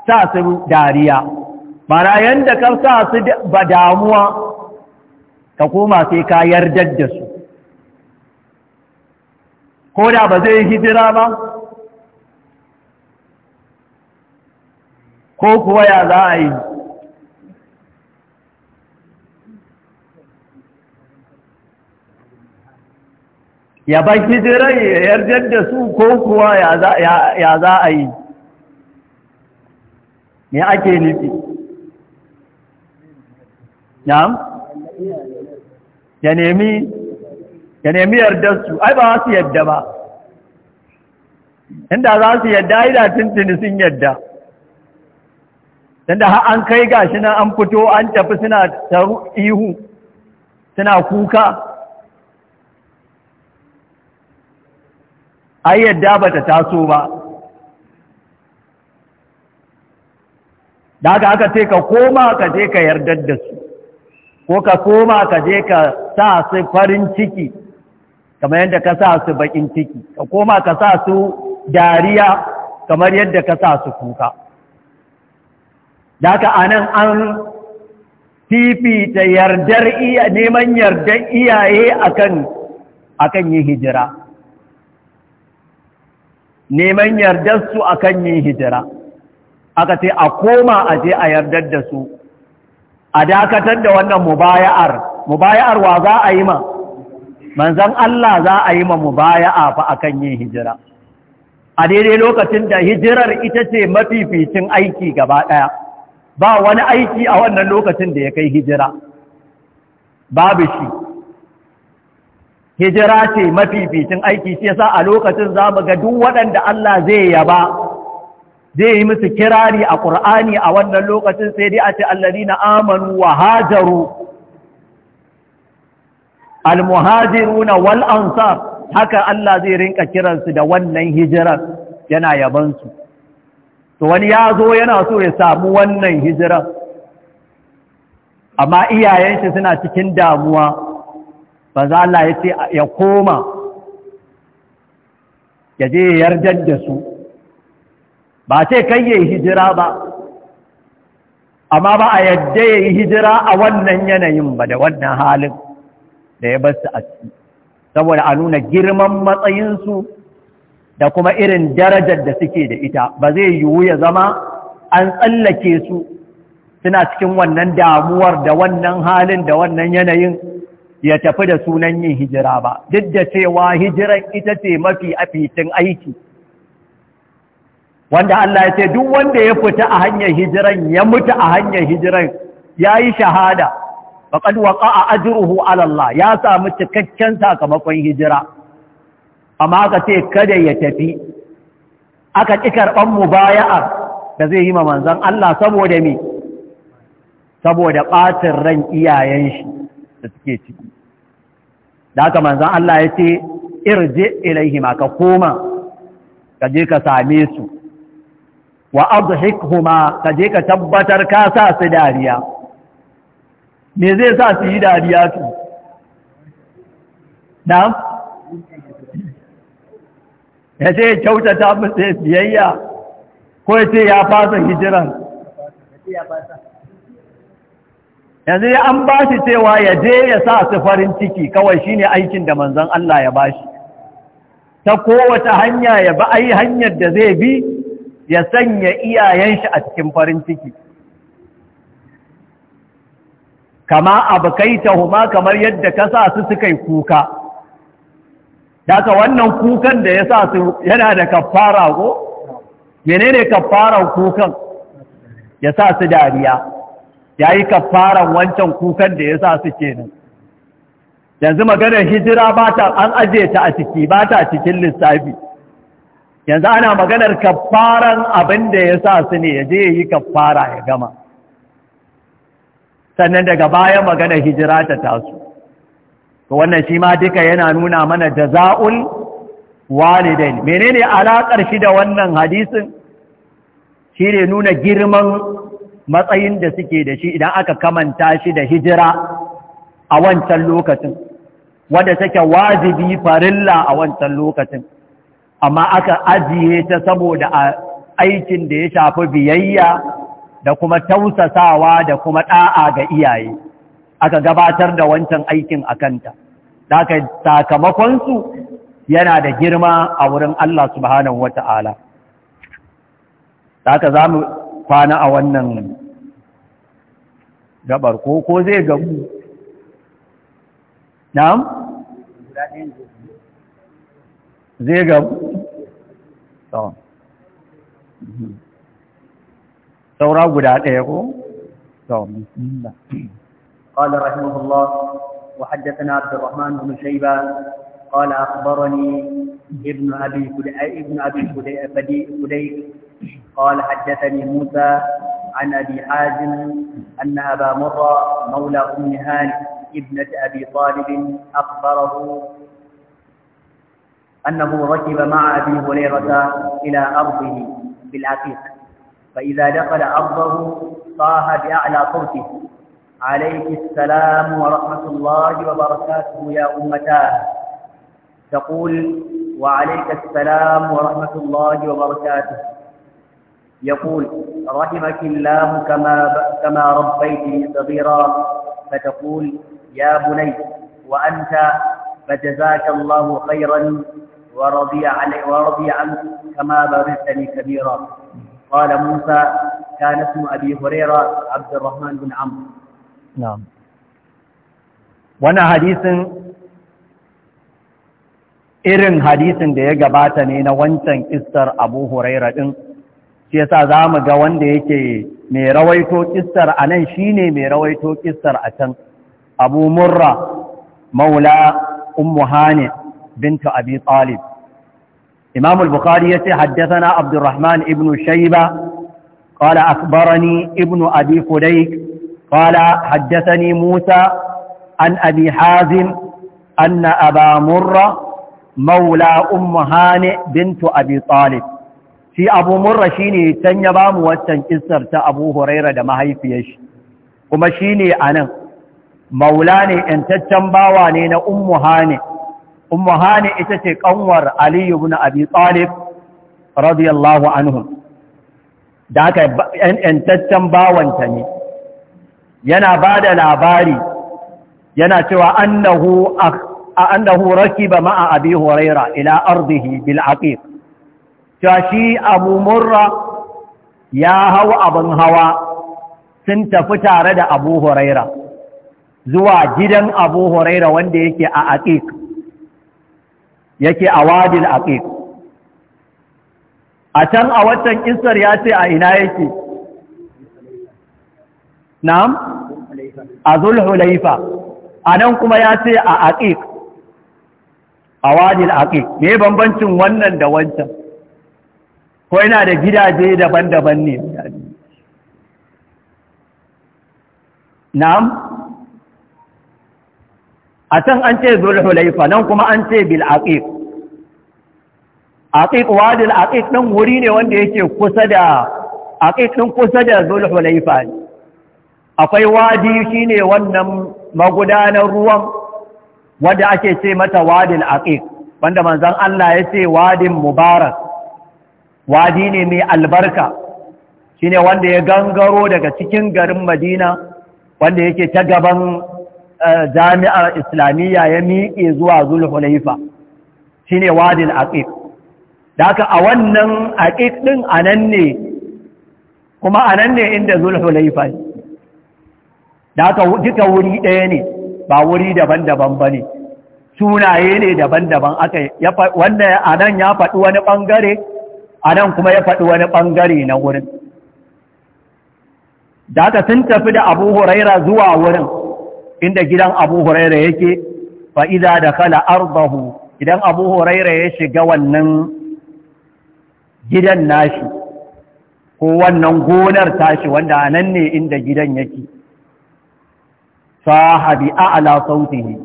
sa su dariya mana yadda ka sa su ba damuwa ka koma sai ka yardar da su ko da ba zai hijira ba ko kuwa ya za a yi ya ban hijirar ya yarjar da su ko kuwa ya za a yi me ake nufi ya nemi ya nemi yardar ai ba su yadda ba inda za su yadda ai da tuntuni sun yadda tunda har an kai gashi nan an fito an tafi suna taru ihu suna kuka ai yadda ba ta taso ba da haka aka ce ka koma ka je ka yardar da su ko ka koma ka je ka sa su farin ciki kamar yadda ka sa su bakin ciki ka koma ka sa su dariya kamar yadda ka sa su kuka daka a anan an fifita yardar iya neman yardar iyaye akan akan yin hijira neman yardar su akan yin hijira aka ce a koma a je a yardar da su a dakatar da wannan mubaya'ar mubaya'ar wa za a yi ma manzan Allah za a yi ma a fa a kan yin hijira a daidai lokacin da hijirar ita ce mafificin aiki gaba ɗaya ba wani aiki a wannan lokacin da ya kai hijira babu shi hijira ce mafificin aiki shi yasa a lokacin za mu ga duk waɗanda Allah zai yaba zai yi musu kirari a ƙur'ani a wannan lokacin sai dai a ce na amanu wa hajaru almuhajiruna wal ansar haka Allah zai rinka kiransu da wannan hijiran yana yabansu to wani ya zo yana so ya samu wannan hijiran. amma iyayen shi suna cikin damuwa banza Allah ya ya koma ya je yardar da su ba ce kai ya yi hijira ba amma ba a yadda ya hijira a wannan yanayin ba da wannan halin da ya basu a ciki saboda a nuna girman matsayinsu da kuma irin darajar da suke da ita ba zai yiwu ya zama an tsallake su suna cikin wannan damuwar da wannan halin da wannan yanayin ya tafi da sunan yin hijira ba duk da cewa hijiran ita ce mafi afitin aiki wanda Allah ya ce duk wanda ya fita a hanyar hijiran ya mutu a hanyar hijiran ya yi shahada faƙad waƙa a ajiruhu alallah ya samu cikakken sakamakon hijira amma aka ce kada ya tafi aka ƙi karɓar mu baya'a da zai yi ma manzan Allah saboda me saboda ɓatin ran iyayen shi da suke ciki da aka manzan Allah ya ce ilaihi ma ka koma ka je ka same su wa hikuma ka je ka tabbatar ka sa su dariya me zai sa su yi dariya su na ya ce kyautata musu biyayya ko ya ce ya fasa hijiran yanzu ya an ba shi cewa ya je ya sa su farin ciki kawai shine aikin da manzon Allah ya ba shi ta kowace hanya ya ba a yi hanyar da zai bi ya sanya iyayen shi a cikin farin ciki kama abkaitahuma kamar yadda ka sa su suka yi kuka daga wannan kukan da ya sa su yana da kafara ko menene kafaran kukan ya sa su dariya yayi kafaran wancan kukan da ya sa su kenan yanzu maganar hijira ba ta an aje ta a ciki ba ta cikin lissafi yanzu ana maganar kafaran abin da ya sa su ne ya je yi kafara ya gama sannan daga baya magana hijira ta taso to wannan shi ma duka yana nuna mana jaza'ul walidai. menene alaƙar shi da wannan hadisin shi ne nuna girman matsayin da suke da shi idan aka kamanta shi da hijira a wancan lokacin wanda take wajibi farilla a wancan lokacin amma aka ajiye ta saboda aikin da ya shafi biyayya da kuma tausasawa da kuma ɗa'a ga iyaye aka gabatar da wancan aikin a kanta da sakamakonsu yana da girma a wurin Allah subhanahu wa ta'ala da za mu kwana a wannan gabar ko ko zai gabu na'am zai gabu saura guda ɗaya ko to قال رحمه الله وحدثنا عبد الرحمن بن shayba قال أخبرني ابن ابي ابن ابي فديك قال حدثني موسى عن ابي حازم ان ابا مره مولى ام هانئ ابنه ابي طالب اخبره أنه ركب مع أبي هريرة إلى أرضه بالعقيق فإذا دخل أرضه طاه بأعلى صوته عليك السلام ورحمة الله وبركاته يا أمتاه تقول وعليك السلام ورحمة الله وبركاته يقول رحمك الله كما كما ربيتني صغيرا فتقول يا بني وأنت فجزاك الله خيرا ورضي, علي ورضي عنك كما بارزتني كبيرا قال موسى كان اسم أبي هريرة عبد الرحمن بن عمرو نعم وانا حديث irin hadisin da ya gabata ne na wancan kistar abu huraira ɗin shi yasa za mu ga wanda yake mai rawaito kistar a nan shi ne mai rawaito kistar a can abu murra maula ummu hane binta abi talib إمام البخاري يتي حدثنا عبد الرحمن ابن شيبة قال أخبرني ابن أبي فليك قال حدثني موسى عن أبي حازم أن أبا مرة مولى أم هانئ بنت أبي طالب في أبو مرة شيني تنيبام والتنكسر تأبو هريرة دمهي فيش وما شيني أنا مولاني أن تتنباواني أم هانئ Ummahani ita ce kanwar ali ibn abi talib radiyallahu anhu da aka yantaccen bawanta ne yana ba da labari yana cewa annahu annahu rakiba ma'a abi huraira ila ardihi bil aqiq cewa shi abu murra ya hau abin hawa sun tafi tare da abu huraira zuwa gidan abu huraira wanda yake a aqiq yake a wadin aqiq a can a watan isar ya ce a ina yake na'am a zulhulaifa a nan kuma ya ce a aqiq a wadin aqiq me bambancin wannan da wancan ko yana da gidaje daban-daban ne na'am a can an ce zulhulaifa nan kuma an ce bil aƙiƙ aqiq wadil aqiq ɗin wuri ne wanda yake kusa da aƙiƙ ɗin kusa da zulhulaifa ne akwai wadi shine wannan magudanar ruwan wanda ake ce mata wadil aqiq wanda manzon Allah ya ce wadin mubarak wadi ne mai albarka shine wanda ya gangaro daga cikin garin Madina wanda yake ta gaban jami'ar islamiyya ya miƙe zuwa zulhulaifa shi ne wadin aqiq da a wannan aqiq ɗin a nan ne kuma a nan ne inda zulhulaifa da haka duka wuri ɗaya ne ba wuri daban-daban ba ne sunaye ne daban-daban aka wanda a nan ya faɗi wani ɓangare a nan kuma ya faɗi wani ɓangare na wurin da aka sun tafi da abu huraira zuwa wurin inda gidan abu huraira yake fa'iza da kala arzahu idan abu huraira ya shiga wannan gidan nashi ko wannan gonar tashi wanda a nan ne inda gidan yake sahabi a'ala sautihi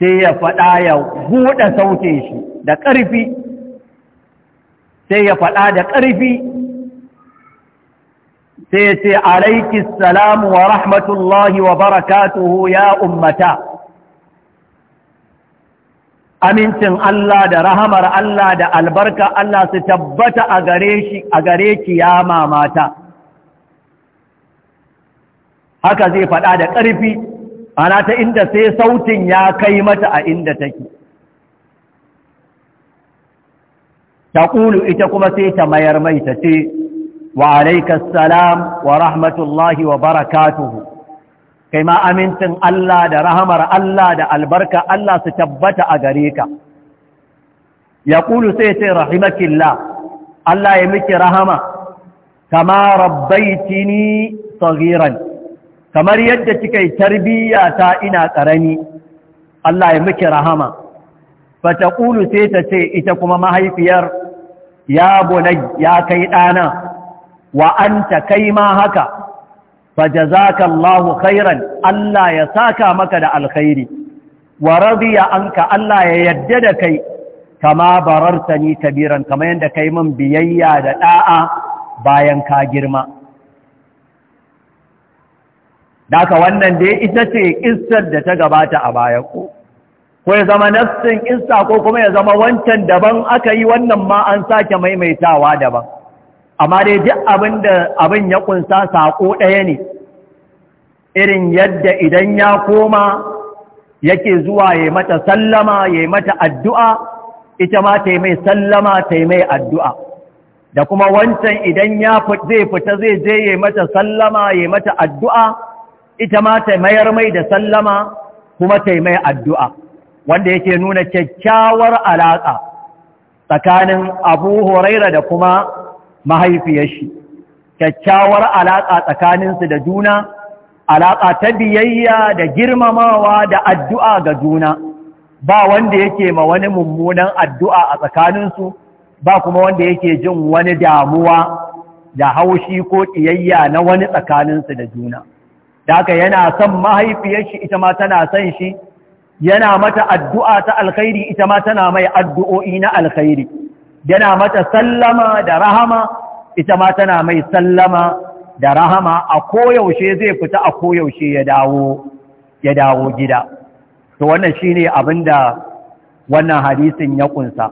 sai ya faɗa ya buɗe sautin shi da ƙarfi sai ya faɗa da ƙarfi sai ya ce alaiki salamu wa rahmatullahi wa barakatuhu ya ummata amincin Allah da rahamar Allah da albarka Allah su tabbata a gare shi a gare ki ya mamata haka zai faɗa da ƙarfi ana ta inda sai sautin ya kai mata a inda take ta ƙulu ita kuma sai ta mayar mai ta ce وعليك السلام ورحمة الله وبركاته كما أمنتن الله دا رحمر الله دا البركة الله ستبت أغريك يقول سيتي رحمك الله الله يمك رحمة كما ربيتني صغيرا كما يدتك تربية تائنا ترني الله يمك رحمة فتقول سيتي إتكما ما هي فيار يا بني يا كيدانا wa an kai ma haka fajazaka Allahu khairan Allah ya saka maka da alkhairi wa radiya anka Allah ya yadda da kai kama barartani kabiran kama yadda kai min biyayya da ɗa'a bayan ka girma Daka wannan dai ita ce kissar da ta gabata a baya ko ko ya zama nafsin kissa ko kuma ya zama wancan daban aka yi wannan ma an sake maimaitawa daban amma dai duk abin da abin ya kunsa saƙo ɗaya ne irin yadda idan ya koma yake zuwa ya mata sallama ya mata addu'a ita ma ta mai sallama ta mai addu'a da kuma wancan idan ya zai fita zai je ya mata sallama ya mata addu'a ita ma ta mayar mai da sallama kuma ta mai addu'a wanda yake nuna kyakkyawar alaƙa tsakanin abu horaira, da kuma mahaifiyar kyakkyawar alaƙa tsakaninsu da juna alaƙa ta biyayya da girmamawa da addu'a ga juna ba wanda yake ma wani mummunan addu'a a tsakaninsu ba kuma wanda yake jin wani damuwa da haushi ko ƙiyayya na wani tsakaninsu da juna da yana son mahaifiyar shi ita ma tana son shi yana mata addu'a ta alkhairi ita ma tana mai addu'o'i na alkhairi yana mata sallama da rahama ita ma tana mai sallama da rahama a koyaushe zai fita a koyaushe ya dawo ya dawo gida to wannan abin da wannan hadisin ya kunsa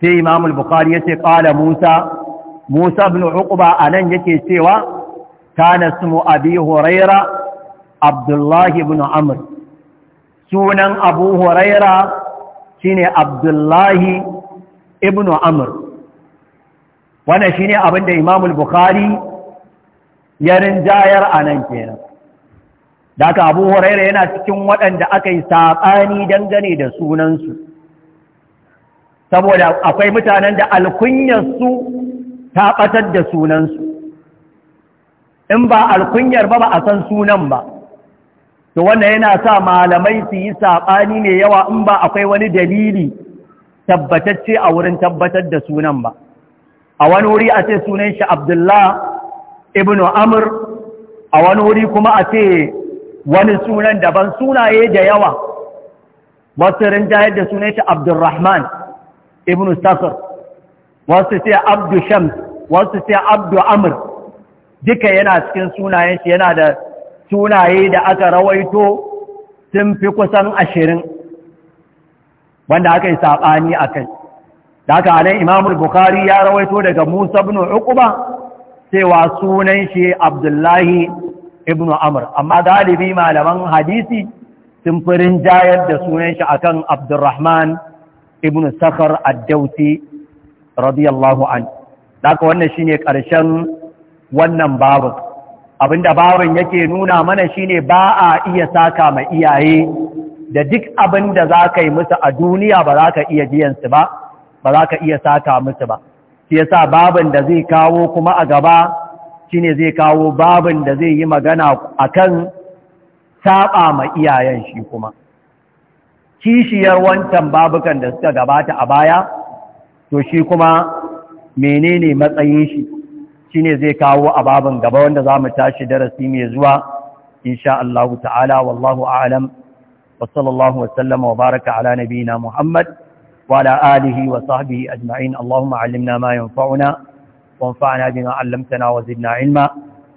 sai Imam al-Bukhari yace ƙala Musa Musa ibn a nan yake cewa kana ismu Abi Huraira Abdullahi bin Amr sunan Abu Huraira shine Abdullahi. ibn amr wannan shine abin da imam bukhari ya rinjayar a nan kenan da aka abu huraira yana cikin waɗanda aka yi saɓani dangane da sunansu saboda akwai mutanen da alkunyarsu ta ɓatar da sunansu in ba alkunyar ba ba a san sunan ba to wannan yana sa malamai su yi saɓani mai yawa in ba akwai wani dalili tabbatacce a wurin tabbatar da sunan ba a wani wuri a ce sunan shi abdullah ibn amr a wani wuri kuma a ce wani sunan daban sunaye da yawa wasu rinjayar da sunan shi abdulrahman ibn Sassar. wasu ce abdu shams wasu ce abdu amur. duka yana cikin sunayen shi yana da sunaye da aka rawaito sun fi kusan ashirin wanda aka yi saɓani a kai da aka anan imamul bukari ya rawaito daga musa bin uquba cewa sunan shi abdullahi ibn amr amma galibi malaman hadisi sun fi rinjayar da sunan shi akan abdurrahman ibn Safar ad-dauti radiyallahu an da wannan shine ƙarshen wannan babu abinda babun yake nuna mana shine ba a iya saka ma iyaye da duk abin da za ka yi musu a duniya ba za ka iya biyansu ba ba za ka iya saka musu ba shi yasa babin da zai kawo kuma a gaba shi ne zai kawo babin da zai yi magana a kan saɓa ma iyayen shi kuma kishiyar wancan babukan da suka gabata a baya to shi kuma menene matsayin shi shi ne zai kawo a babin gaba wanda za mu tashi darasi mai zuwa insha Allah ta'ala wallahu a'lam وصلى الله وسلم وبارك على نبينا محمد وعلى آله وصحبه أجمعين اللهم علمنا ما ينفعنا وانفعنا بما علمتنا وزدنا علما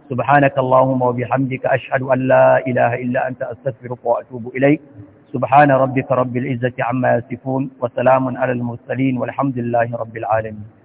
سبحانك اللهم وبحمدك أشهد أن لا إله إلا أنت أستغفرك وأتوب إليك سبحان ربك رب العزة عما يصفون وسلام على المرسلين والحمد لله رب العالمين